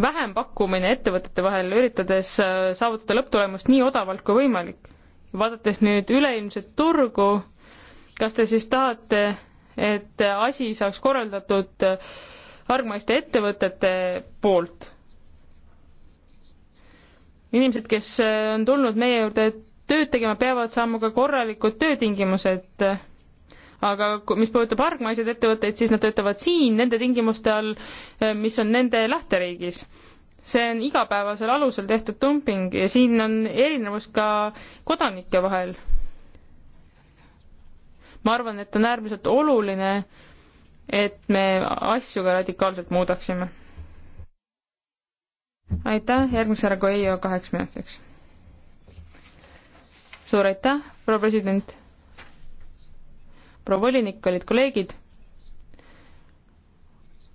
vähempakkumine ettevõtete vahel, üritades äh, saavutada lõpptulemust nii odavalt kui võimalik. vaadates nüüd üleilmset turgu, kas te siis tahate, et asi saaks korraldatud äh, hargmaiste ettevõtete poolt? inimesed, kes on tulnud meie juurde tööd tegema, peavad saama ka korralikud töötingimused aga mis puudutab hargmaiseid ettevõtteid, siis nad töötavad siin nende tingimuste all, eh, mis on nende lähteriigis. see on igapäevasel alusel tehtud dumping ja siin on erinevus ka kodanike vahel. ma arvan, et on äärmiselt oluline, et me asju ka radikaalselt muudaksime. aitäh, järgmise härra Koio kaheks minutiks. suur aitäh, proua president proua volinik, kallid kolleegid,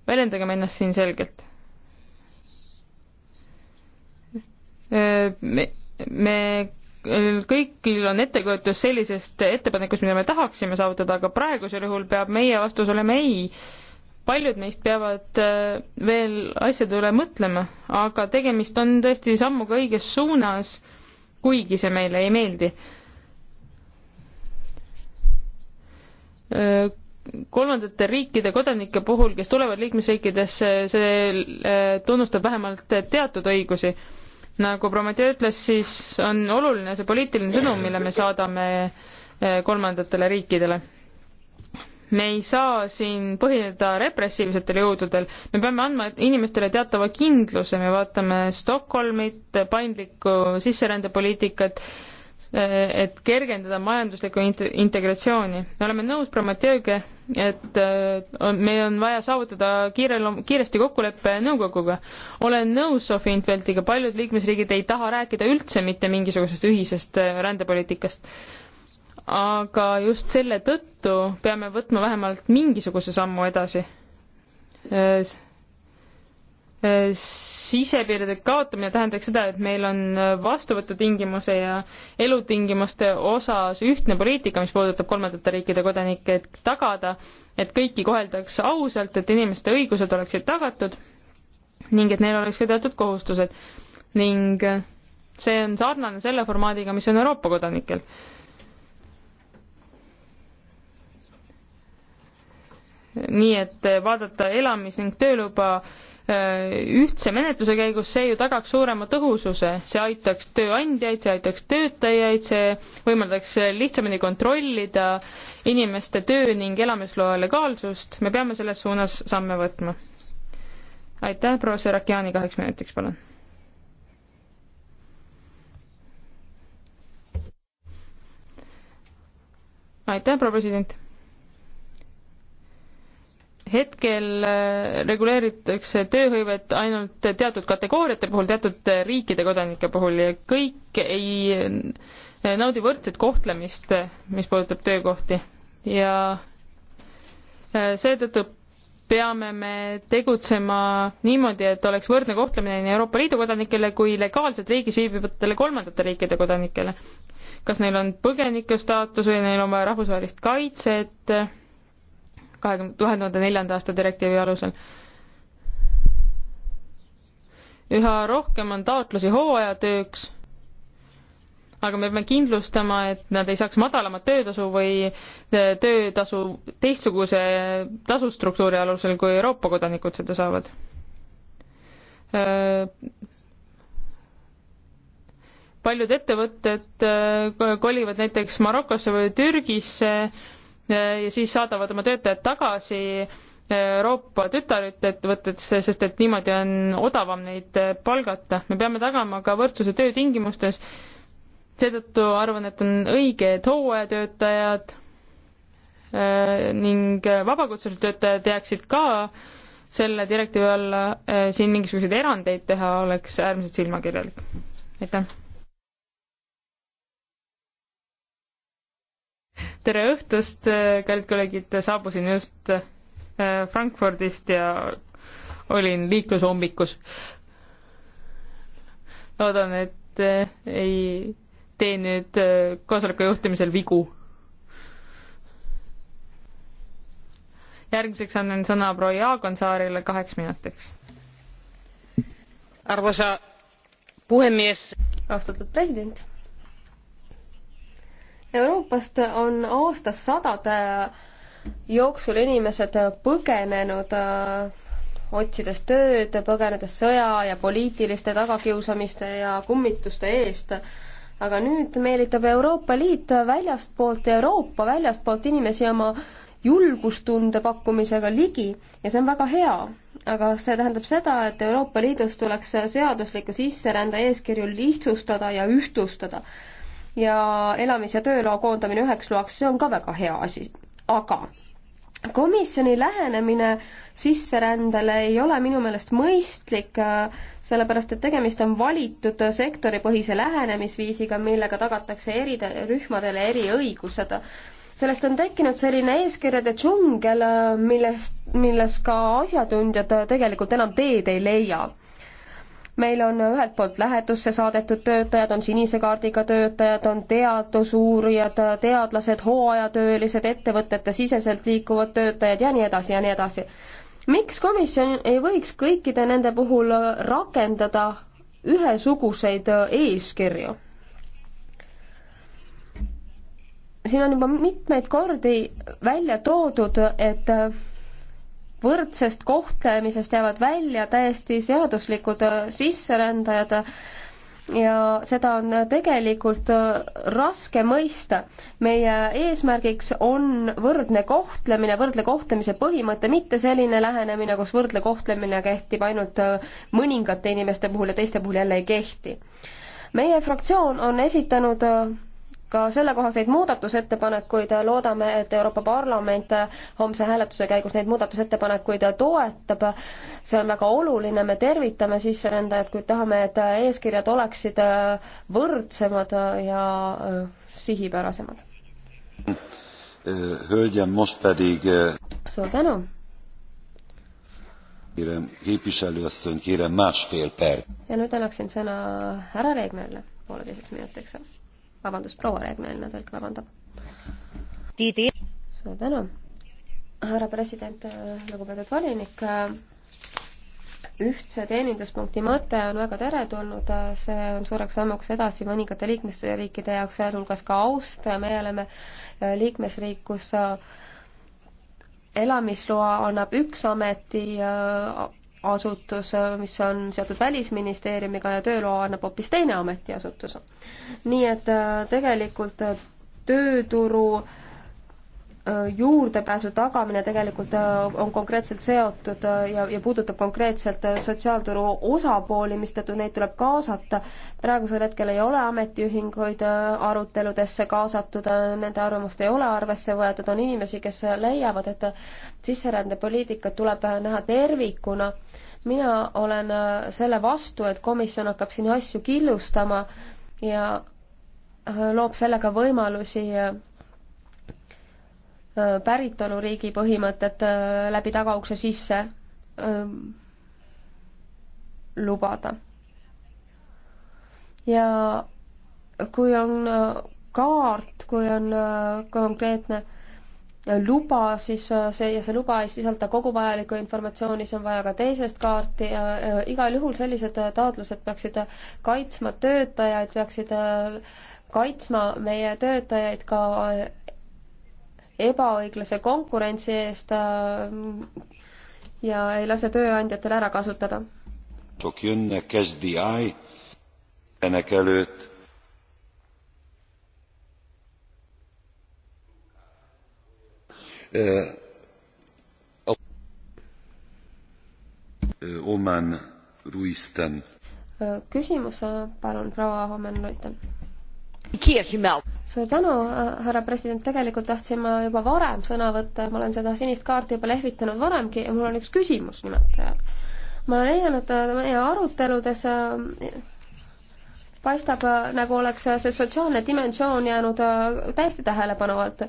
väljendagem ennast siin selgelt. me, me kõigil on ettekujutus sellisest ettepanekust, mida me tahaksime saavutada, aga praegusel juhul peab meie vastus olema ei. paljud meist peavad veel asjade üle mõtlema, aga tegemist on tõesti sammuga õiges suunas, kuigi see meile ei meeldi kolmandate riikide kodanike puhul, kes tulevad liikmesriikidesse, see äh, tunnustab vähemalt teatud õigusi. nagu Prometee ütles, siis on oluline see poliitiline sõnum, mille me saadame äh, kolmandatele riikidele. me ei saa siin põhineda repressiivsetel jõududel, me peame andma inimestele teatava kindluse, me vaatame Stockholmit, paindlikku sisserändepoliitikat et kergendada majanduslikku integratsiooni. me oleme nõus Prometeuga, et äh, meil on vaja saavutada kiirel-, kiiresti kokkulepe nõukoguga. olen nõus Sofi Infeldtiga, paljud liikmesriigid ei taha rääkida üldse mitte mingisugusest ühisest äh, rändepoliitikast. aga just selle tõttu peame võtma vähemalt mingisuguse sammu edasi äh, sisepiiride kaotamine tähendaks seda, et meil on vastuvõtutingimuse ja elutingimuste osas ühtne poliitika, mis puudutab kolmandate riikide kodanikke, et tagada, et kõiki koheldakse ausalt, et inimeste õigused oleksid tagatud ning et neil oleks ka teatud kohustused. ning see on sarnane selle formaadiga, mis on Euroopa kodanikel nii et vaadata elamis- ning tööluba ühtse menetluse käigus, see ju tagaks suurema tõhususe, see aitaks tööandjaid, see aitaks töötajaid, see võimaldaks lihtsamini kontrollida inimeste töö ning elamisloa legaalsust, me peame selles suunas samme võtma. aitäh, proua Serakiani, kaheks minutiks, palun. aitäh, proua president hetkel äh, reguleeritakse tööhõivet ainult teatud kategooriate puhul, teatud riikide kodanike puhul ja kõik ei äh, naudi võrdset kohtlemist, äh, mis puudutab töökohti. ja seetõttu peame me tegutsema niimoodi, et oleks võrdne kohtlemine nii Euroopa Liidu kodanikele kui legaalselt riigis viibivatele kolmandate riikide kodanikele. kas neil on põgenike staatus või neil on vaja rahvusvahelist kaitset kahekümne, tuhande neljanda aasta direktiivi alusel. üha rohkem on taotlusi hooajatööks, aga me peame kindlustama, et nad ei saaks madalamat töötasu või e, töötasu teistsuguse tasustruktuuri alusel, kui Euroopa kodanikud seda saavad e, paljud ettevõtted e, kolivad näiteks Marokosse või Türgisse Eh, ja siis saadavad oma töötajad tagasi eh, Euroopa tütarettevõtetesse, sest et niimoodi on odavam neid eh, palgata. me peame tagama ka võrdsuse töötingimustes. seetõttu arvan, et on õige, et hooajatöötajad ning vabakutselised töötajad jääksid ka selle direktiivi alla, siin mingisuguseid erandeid teha oleks äärmiselt silmakirjalik. aitäh! tere õhtust, kallid kolleegid, saabusin just äh, Frankfurdist ja olin liiklusummikus. loodan, et äh, ei tee nüüd äh, koosoleku juhtimisel vigu. järgmiseks annan sõna proua Jaagonsaarile kaheks minutiks. arvoisa puhemees. austatud president Euroopast on aastasadade äh, jooksul inimesed äh, põgenenud äh, otsides tööd, põgenedes sõja ja poliitiliste tagakiusamiste ja kummituste eest. aga nüüd meelitab Euroopa Liit väljastpoolt Euroopa, väljastpoolt inimesi oma julgustunde pakkumisega ligi ja see on väga hea. aga see tähendab seda, et Euroopa Liidus tuleks seadusliku sisserände eeskirju lihtsustada ja ühtlustada ja elamis- ja tööloa koondamine üheks loaks, see on ka väga hea asi, aga komisjoni lähenemine sisserändele ei ole minu meelest mõistlik, sellepärast et tegemist on valitud sektoripõhise lähenemisviisiga, millega tagatakse eri rühmadele eriõigused. sellest on tekkinud selline eeskirjade džungel, millest, milles ka asjatundjad tegelikult enam teed ei leia meil on ühelt poolt lähetusse saadetud töötajad, on sinise kaardiga töötajad, on teadusuurijad, teadlased, hooajatöölised, ettevõtete siseselt liikuvad töötajad ja nii edasi ja nii edasi. miks komisjon ei võiks kõikide nende puhul rakendada ühesuguseid eeskirju? siin on juba mitmeid kordi välja toodud, et võrdsest kohtlemisest jäävad välja täiesti seaduslikud äh, sisserändajad ja seda on tegelikult äh, raske mõista. meie eesmärgiks on võrdne kohtlemine, võrdle kohtlemise põhimõte, mitte selline lähenemine, kus võrdle kohtlemine kehtib ainult äh, mõningate inimeste puhul ja teiste puhul jälle ei kehti. meie fraktsioon on esitanud ka sellekohaseid muudatusettepanekuid, loodame, et Euroopa Parlament homse hääletuse käigus neid muudatusettepanekuid toetab. see on väga oluline, me tervitame sisserändajat, kuid tahame, et eeskirjad oleksid võrdsemad ja sihipärasemad. Eh, suur tänu! Kérem, képviselőasszony, kérem másfél perc. Ja nüüd annaksin sõna härra Regnale pooleteiseks minutiks vabandust, proua Regneline tõlk vabandab. suur tänu, härra president, lugupeetud volinik ühtse teeninduspunkti mõte on väga teretulnud, see on suureks sammuks edasi mõningate liikmesriikide jaoks, sealhulgas ka Austria, meie oleme liikmesriik, kus elamisloa annab üks ameti asutus, mis on seotud Välisministeeriumiga ja tööloa annab hoopis teine ametiasutus. nii et äh, tegelikult äh, tööturu Äh, juurdepääsu tagamine tegelikult äh, on konkreetselt seotud äh, ja, ja puudutab konkreetselt sotsiaalturu osapooli, mistõttu neid tuleb kaasata. praegusel hetkel ei ole ametiühinguid aruteludesse kaasatud, nende arvamust ei ole arvesse võetud, on inimesi, kes leiavad, et sisserändepoliitikat tuleb näha tervikuna. mina olen selle vastu, et komisjon hakkab siin asju killustama ja loob sellega võimalusi Äh, päritoluriigi põhimõtet äh, läbi tagaukse sisse ähm, lubada. ja kui on äh, kaart, kui on konkreetne luba, siis see ja see luba ei sisalda kogu vajalikku informatsiooni, siis on vaja ka teisest kaarti ja igal juhul sellised taotlused peaksid kaitsma töötajaid, peaksid kaitsma meie töötajaid ka ebaõiglase konkurentsi eest äh, ja ei lase tööandjatel ära kasutada. Sok jönnek SDI ennek előtt. Oman Ruisten. küsimus palun proua Oman Ruisten suur tänu, äh, härra president, tegelikult tahtsin ma juba varem sõna võtta, ma olen seda sinist kaarti juba lehvitanud varemgi ja mul on üks küsimus nimelt. ma leian, et äh, meie aruteludes äh, paistab, nagu oleks see sotsiaalne dimensioon jäänud täiesti tähelepanu alt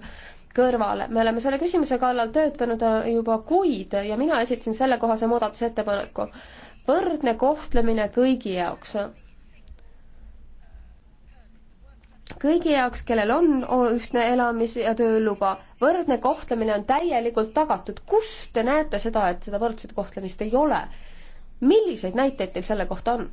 kõrvale. me oleme selle küsimuse kallal töötanud juba kuid ja mina esitasin sellekohase muudatusettepaneku. võrdne kohtlemine kõigi jaoks kõigi jaoks, kellel on ühtne elamis- ja tööluba, võrdne kohtlemine on täielikult tagatud. kus te näete seda, et seda võrdset kohtlemist ei ole? milliseid näiteid teil selle kohta on?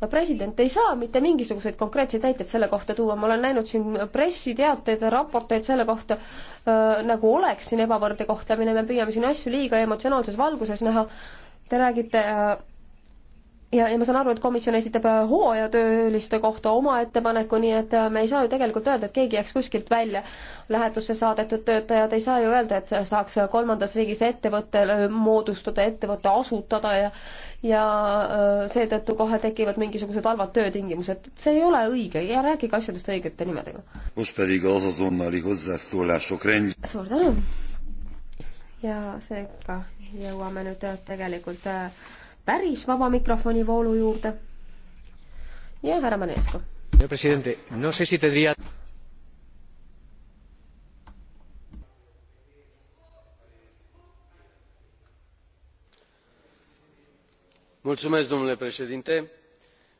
no president ei saa mitte mingisuguseid konkreetseid näiteid selle kohta tuua, ma olen näinud siin pressiteateid ja raporteid selle kohta äh,, nagu oleks siin ebavõrdne kohtlemine, me püüame siin asju liiga emotsionaalses valguses näha. Te räägite äh, ja, ja ma saan aru, et komisjon esitab äh, hooajatööliste kohta oma ettepaneku, nii et äh, me ei saa ju tegelikult öelda, et keegi jääks kuskilt välja. lähetusse saadetud töötajad ei saa ju öelda, et äh, saaks kolmandas riigis ettevõtte moodustada, ettevõtte asutada ja ja seetõttu kohe tekivad mingisugused halvad töötingimused. see ei ole õige ja rääkige asjadest õigete nimedega. suur tänu! ja seega jõuame nüüd tegelikult äh, päris vaba mikrofoni voolu juurde. ja härra Manesko. No sé si tendría... Mulțumesc, domnule președinte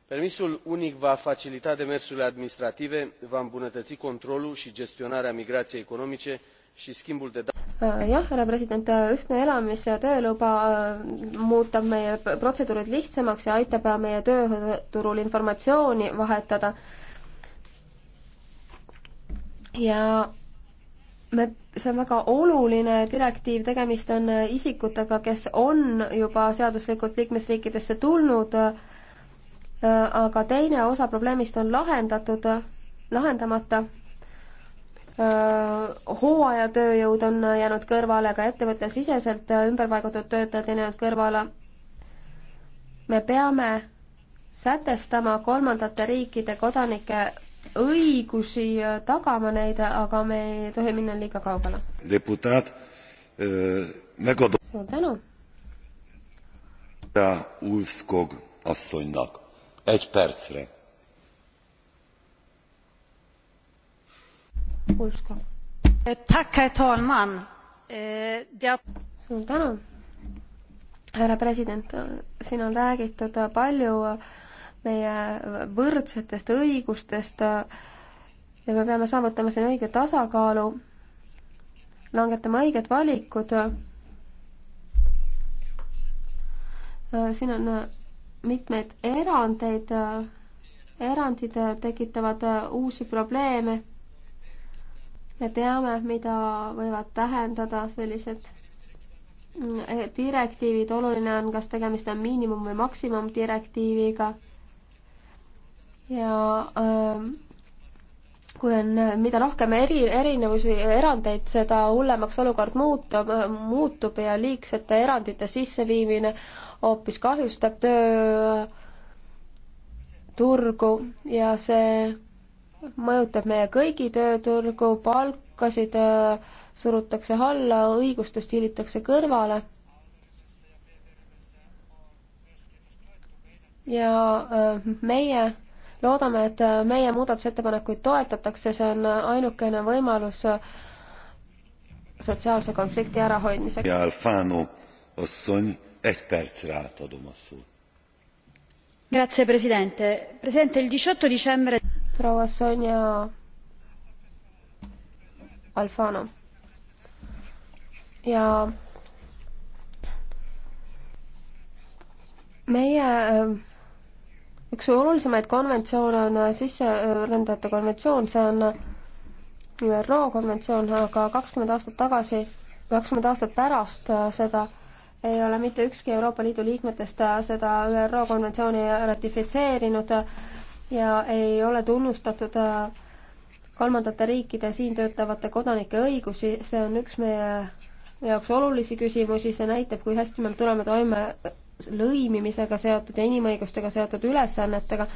permisul unic va facilita demersurile administrative va îmbunătăți controlul și gestionarea migrației economice Äh, jah, härra president, äh, ühtne elamis- ja tööluba äh, muutab meie protseduurid lihtsamaks ja aitab meie tööturul informatsiooni vahetada. ja me, see on väga oluline direktiiv, tegemist on isikutega, kes on juba seaduslikult liikmesriikidesse tulnud, aga teine osa probleemist on lahendatud, lahendamata hooajatööjõud on jäänud kõrvale, ka ettevõttesiseselt ümber paigutatud töötajad on jäänud kõrvale. me peame sätestama kolmandate riikide kodanike õigusi, tagama neid, aga me ei tohi minna liiga kaugele. deputaat äh,, väga suur tänu. Ulfskog asszonynak egy percre Ulfskog. Tack, herr talman. Eh, suur tänu, härra president. siin on räägitud palju meie võrdsetest õigustest ja me peame saavutama siin õige tasakaalu, langetama õiged valikud. siin on mitmeid erandeid, erandid tekitavad uusi probleeme me teame, mida võivad tähendada sellised mm, eh, direktiivid, oluline on, kas tegemist on miinimum- või maksimumdirektiiviga ja öö, ähm, kui on, mida rohkem eri, erinevusi, erandeid, seda hullemaks olukord muutub, muutub ja liigsete erandite sisseviimine hoopis kahjustab tööturgu ja see mõjutab meie kõigi tööturgu, palkasid äh, surutakse alla, õigustest hiilitakse kõrvale. ja äh, meie loodame, et äh, meie muudatusettepanekuid toetatakse, see on ainukene võimalus sotsiaalse konflikti ärahoidmiseks. ja Alfano Ossoni, ehk Pärtsile aatada oma suud. Grazie Presidente. Presidente, il 18 dicembre proua Sonja Alfano. ja meie äh, üks olulisemaid konventsioone on äh, sisserändajate konventsioon, see on äh, ÜRO konventsioon, aga kakskümmend aastat tagasi, kakskümmend aastat pärast seda ei ole mitte ükski Euroopa Liidu liikmetest seda ÜRO konventsiooni ratifitseerinud ja ei ole tunnustatud äh, kolmandate riikide siin töötavate kodanike õigusi, see on üks meie jaoks olulisi küsimusi, see näitab, kui hästi me tuleme toime lõimimisega seotud ja inimõigustega seotud ülesannetega.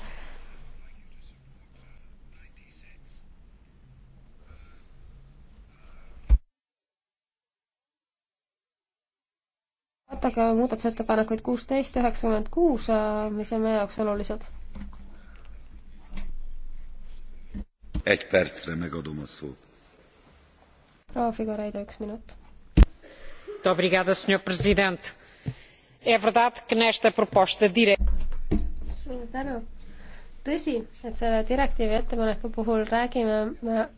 vaadake muudatusettepanekuid kuusteist, üheksakümmend kuus, äh, mis on meie jaoks olulised egy percre megadom a szót. Proua Figueiredo, üks minut. Muito obrigada, senhor presidente. É verdade que nesta proposta dire-. suur tänu. tõsi, et selle direktiivi ettepaneku puhul räägime me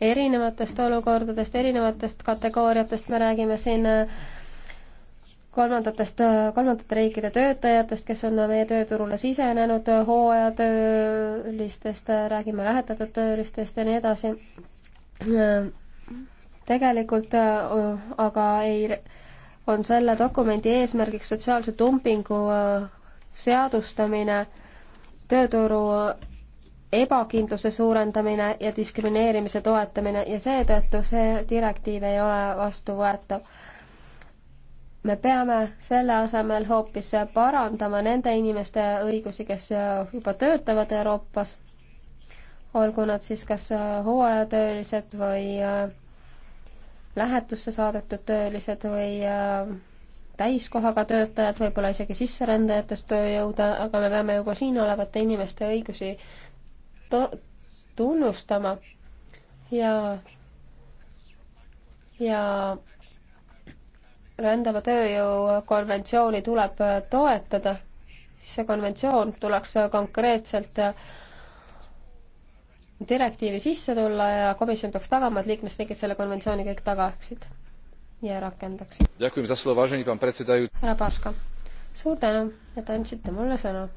erinevatest olukordadest, erinevatest kategooriatest, me räägime siin äh, kolmandatest, kolmandate riikide töötajatest, kes on meie tööturule sisenenud, hooajatöölistest, räägime lähetatud töölistest ja nii edasi. tegelikult aga ei, on selle dokumendi eesmärgiks sotsiaalse dumpingu seadustamine, tööturu ebakindluse suurendamine ja diskrimineerimise toetamine ja seetõttu see direktiiv ei ole vastuvõetav me peame selle asemel hoopis parandama nende inimeste õigusi, kes juba töötavad Euroopas, olgu nad siis kas hooajatöölised või äh, lähetusse saadetud töölised või äh, täiskohaga töötajad, võib-olla isegi sisserändajatest tööjõuda, aga me peame juba siin olevate inimeste õigusi tunnustama ja, ja rändava tööjõu konventsiooni tuleb äh, toetada, siis see konventsioon tuleks äh, konkreetselt äh, direktiivi sisse tulla ja komisjon peaks tagama, et liikmesriigid selle konventsiooni kõik tagaksid ja rakendaksid. härra Paška, suur tänu, et andsite mulle sõna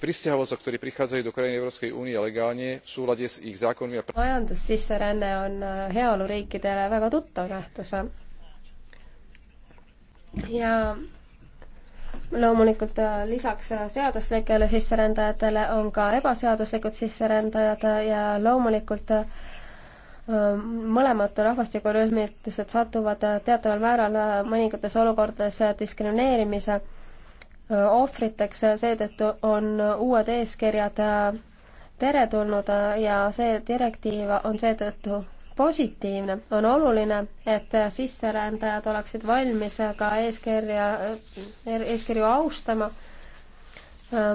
prisťahovalcov ktorí prichádzajú do krajín európskej únie legálne v súlade s ich zákonmi a. majandussisseränne on äh, heaoluriikidele väga tuttav nähtus ja loomulikult äh, lisaks äh, seaduslikele sisserändajatele on ka ebaseaduslikud sisserändajad ja loomulikult mõlemad rahvastikurühmitused satuvad teataval määral mõningates olukordades diskrimineerimise ohvriteks, seetõttu on uued eeskirjad äh, teretulnud äh, ja see direktiiv on seetõttu positiivne. on oluline, et äh, sisserändajad oleksid valmis ka eeskirja, er-, eeskirju austama.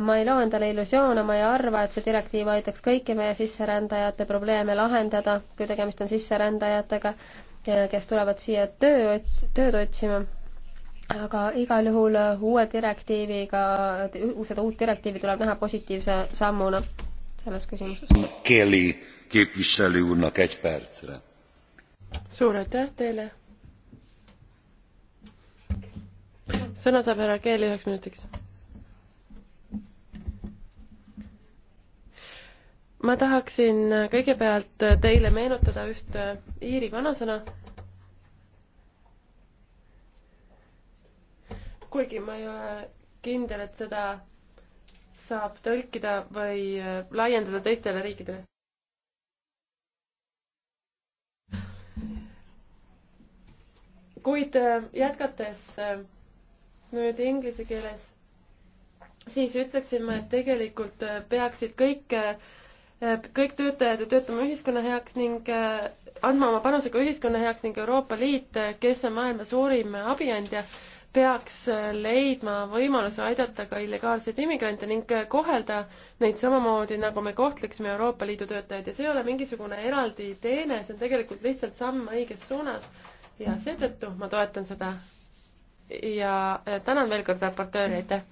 ma ei loo endale illusioone, ma ei arva, et see direktiiv aitaks kõiki meie sisserändajate probleeme lahendada, kui tegemist on sisserändajatega, kes tulevad siia töö, tööd otsima aga igal juhul äh, uue direktiiviga, seda uut direktiivi tuleb näha positiivse sammuna selles küsimuses. Kelly képviselőúrnak egy percre. Suur aitäh teile. sõna saab härra Kelly üheks minutiks. ma tahaksin kõigepealt teile meenutada ühte Iiri vanasõna kuigi ma ei ole kindel, et seda saab tõlkida või äh, laiendada teistele riikidele. kuid äh, jätkates äh, nüüd inglise keeles, siis ütleksin ma, et tegelikult peaksid kõik, kõik töötajad ju töötama ühiskonna heaks ning andma oma panuse ka ühiskonna heaks ning Euroopa Liit, kes on maailma suurim abiandja, peaks leidma võimaluse aidata ka illegaalseid immigrante ning kohelda neid samamoodi, nagu me kohtleksime Euroopa Liidu töötajaid ja see ei ole mingisugune eraldi teene, see on tegelikult lihtsalt samm õiges suunas ja seetõttu ma toetan seda. ja äh, tänan veel kord raportööri, aitäh!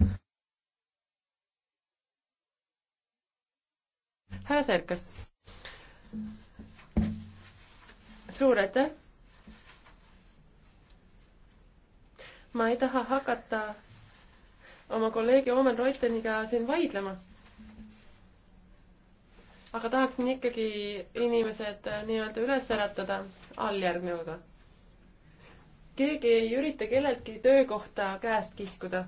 härra Serkas. suur aitäh! ma ei taha hakata oma kolleegi Omen Reuteniga siin vaidlema. aga tahaksin ikkagi inimesed nii-öelda üles äratada alljärgnevaga. keegi ei ürita kelleltki töökohta käest kiskuda.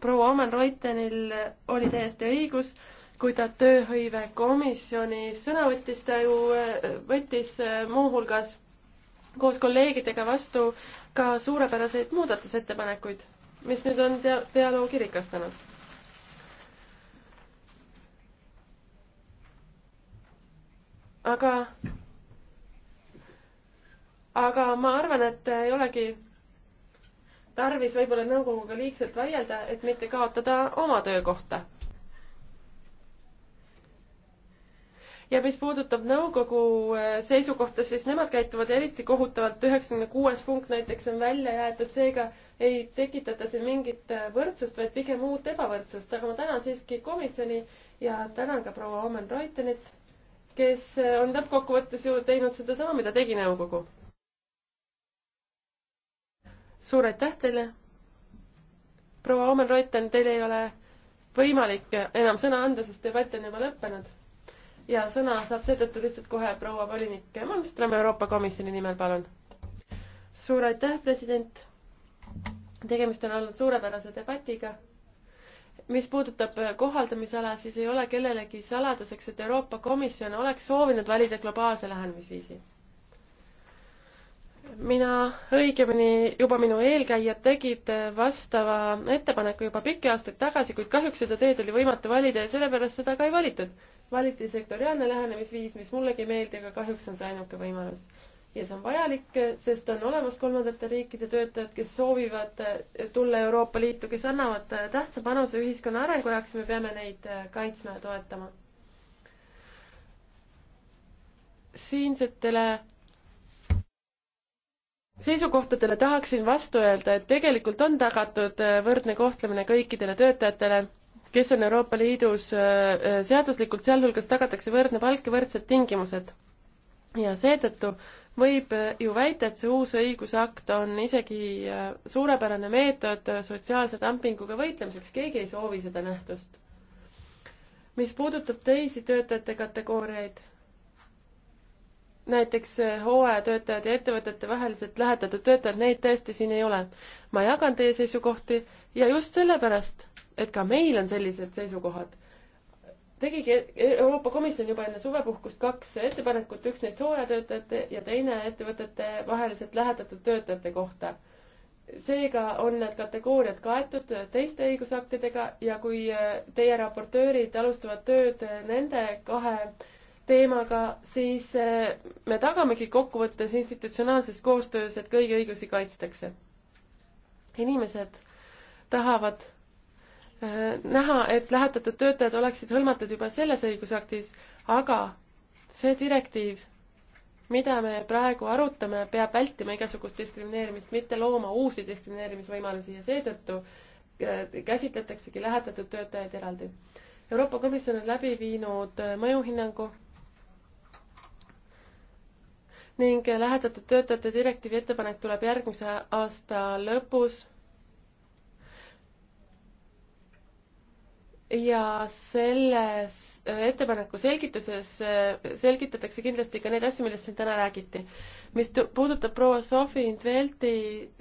proua Omen Reutenil oli täiesti õigus kui ta tööhõivekomisjonis sõna võttis, ta ju võttis äh, muuhulgas koos kolleegidega vastu ka suurepäraseid muudatusettepanekuid, mis nüüd on dia-, dialoogi rikastanud. aga, aga ma arvan, et ei olegi tarvis võib-olla nõukoguga liigselt vaielda, et mitte kaotada oma töökohta ja mis puudutab nõukogu äh, seisukohta, siis nemad käituvad eriti kohutavalt, üheksakümne kuues punkt näiteks on välja jäetud, seega ei tekitata siin mingit äh, võrdsust, vaid pigem uut ebavõrdsust, aga ma tänan siiski komisjoni ja tänan ka proua Omen Reutenit, kes äh, on lõppkokkuvõttes ju teinud sedasama, mida tegi nõukogu. suur aitäh teile! proua Omen Reuten, teil ei ole võimalik enam sõna anda, sest debatt on juba lõppenud ja sõna saab seetõttu lihtsalt kohe proua volinik Malmström Euroopa Komisjoni nimel, palun. suur aitäh, president. tegemist on olnud suurepärase debatiga mis puudutab kohaldamisala, siis ei ole kellelegi saladuseks, et Euroopa Komisjon oleks soovinud valida globaalse lähenemisviisi mina, õigemini juba minu eelkäijad tegid vastava ettepaneku juba pikki aastaid tagasi, kuid kahjuks seda teed oli võimatu valida ja sellepärast seda ka ei valitud. valiti sektoriaalne lähenemisviis, mis mullegi ei meeldi, aga kahjuks on see ainuke võimalus ja see on vajalik, sest on olemas kolmandate riikide töötajad, kes soovivad tulla Euroopa Liitu, kes annavad tähtsa panuse ühiskonna arengu jaoks ja me peame neid kaitsma ja toetama. siinsetele seisukohtadele tahaksin vastu öelda, et tegelikult on tagatud äh, võrdne kohtlemine kõikidele töötajatele, kes on Euroopa Liidus äh, äh, seaduslikult, sealhulgas tagatakse võrdne palk ja võrdsed tingimused. ja seetõttu võib ju väita, et see uus õigusakt on isegi suurepärane meetod sotsiaalse dumpinguga võitlemiseks, keegi ei soovi seda nähtust. mis puudutab teisi töötajate kategooriaid, näiteks eh, hooajatöötajad ja ettevõtete vaheliselt lähetatud töötajad, neid tõesti siin ei ole. ma jagan teie seisukohti ja just sellepärast, et ka meil on sellised seisukohad, tegigi Euroopa Komisjon juba enne suvepuhkust kaks ettepanekut, üks neist hooajatöötajate ja teine ettevõtete vaheliselt lähetatud töötajate kohta. seega on need kategooriad kaetud teiste õigusaktidega ja kui eh, teie raportöörid alustavad tööd eh, nende kahe teemaga, siis eh, me tagamegi kokkuvõttes institutsionaalses koostöös, et kõigi õigusi kaitstakse. inimesed tahavad eh, näha, et lähetatud töötajad oleksid hõlmatud juba selles õigusaktis, aga see direktiiv, mida me praegu arutame, peab vältima igasugust diskrimineerimist, mitte looma uusi diskrimineerimisvõimalusi ja seetõttu eh, käsitletaksegi lähetatud töötajaid eraldi. Euroopa Komisjon on läbi viinud mõjuhinnangu ning lähetatud töötajate direktiivi ettepanek tuleb järgmise aasta lõpus. ja selles ettepaneku selgituses selgitatakse kindlasti ka neid asju, millest siin täna räägiti. mis puudutab proua Sofi Intvelti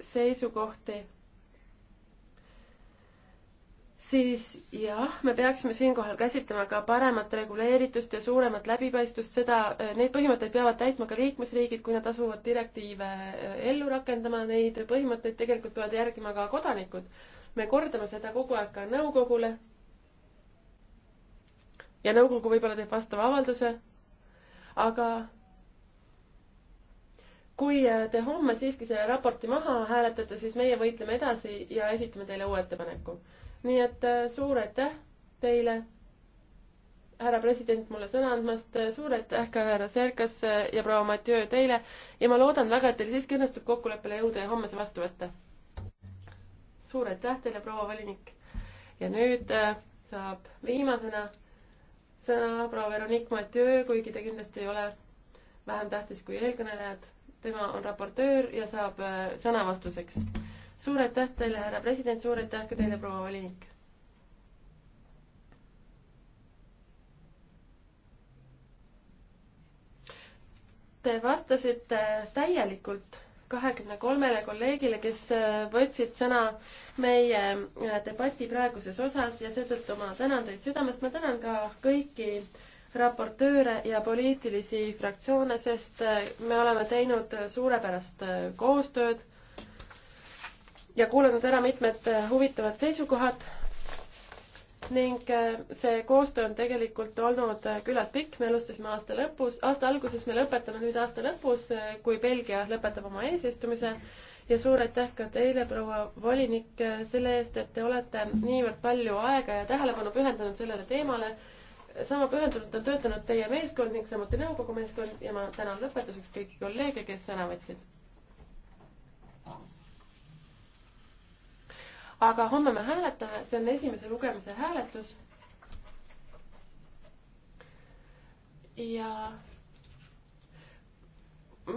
seisukohti siis jah, me peaksime siinkohal käsitlema ka paremat reguleeritust ja suuremat läbipaistvust, seda, äh, neid põhimõtteid peavad täitma ka liikmesriigid, kui nad asuvad direktiive äh, ellu rakendama, neid põhimõtteid tegelikult peavad järgima ka kodanikud. me kordame seda kogu aeg ka nõukogule. ja nõukogu võib-olla teeb vastava avalduse, aga kui äh, te homme siiski selle raporti maha hääletate, siis meie võitleme edasi ja esitame teile uue ettepaneku nii et äh, suur aitäh teile, härra president, mulle sõna andmast, äh, suur aitäh ka härra Serkas äh, ja proua Mathieu teile ja ma loodan väga, et teil siiski õnnestub kokkuleppele jõuda ja homme see vastu võtta. suur aitäh teile, proua volinik. ja nüüd saab viimasena sõna proua Veronique Mathieu, kuigi ta kindlasti ei ole vähem tähtis kui eelkõnelejad. tema on raportöör ja saab sõna vastuseks suur aitäh teile, härra president, suur aitäh ka teile, proua volinik. Te vastasite täielikult kahekümne kolmele kolleegile, kes äh, võtsid sõna meie äh, debati praeguses osas ja seetõttu ma tänan teid südamest, ma tänan ka kõiki raportööre ja poliitilisi fraktsioone, sest äh, me oleme teinud suurepärast koostööd ja kuulanud ära mitmed äh, huvitavad seisukohad ning äh, see koostöö on tegelikult olnud äh, küllalt pikk, me alustasime aasta lõpus, aasta alguses me lõpetame nüüd aasta lõpus, kui Belgia lõpetab oma eesistumise ja suur aitäh ka teile, proua volinik, selle eest, et te olete niivõrd palju aega ja tähelepanu pühendanud sellele teemale. sama pühendunult on töötanud teie meeskond ning samuti nõukogu meeskond ja ma tänan lõpetuseks kõiki kolleege, kes sõna võtsid aga homme me hääletame, see on esimese lugemise hääletus. ja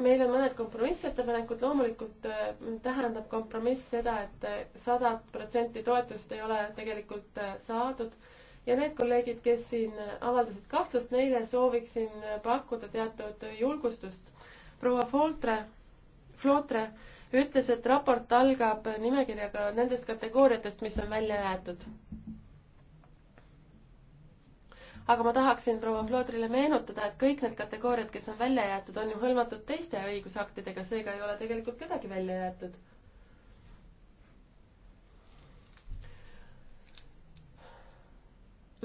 meil on mõned kompromissettepanekud, loomulikult äh, tähendab kompromiss seda et, et äh, sadat protsenti toetust ei ole tegelikult äh, saadud ja need kolleegid, kes siin avaldasid kahtlust, neile sooviksin pakkuda teatud julgustust. proua Foltre, Flotre, Flotre ütles, et raport algab nimekirjaga nendest kategooriatest, mis on välja jäetud. aga ma tahaksin proua Flodrile meenutada, et kõik need kategooriad, kes on välja jäetud, on ju hõlmatud teiste õigusaktidega, seega ei ole tegelikult kedagi välja jäetud.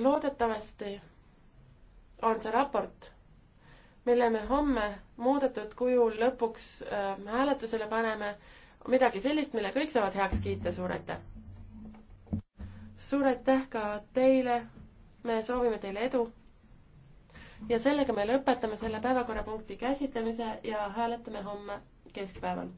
loodetavasti on see raport mille me homme muudetud kujul lõpuks äh, hääletusele paneme, midagi sellist, mille kõik saavad heaks kiita, suur aitäh! suur aitäh ka teile, me soovime teile edu! ja sellega me lõpetame selle päevakorrapunkti käsitlemise ja hääletame homme keskpäeval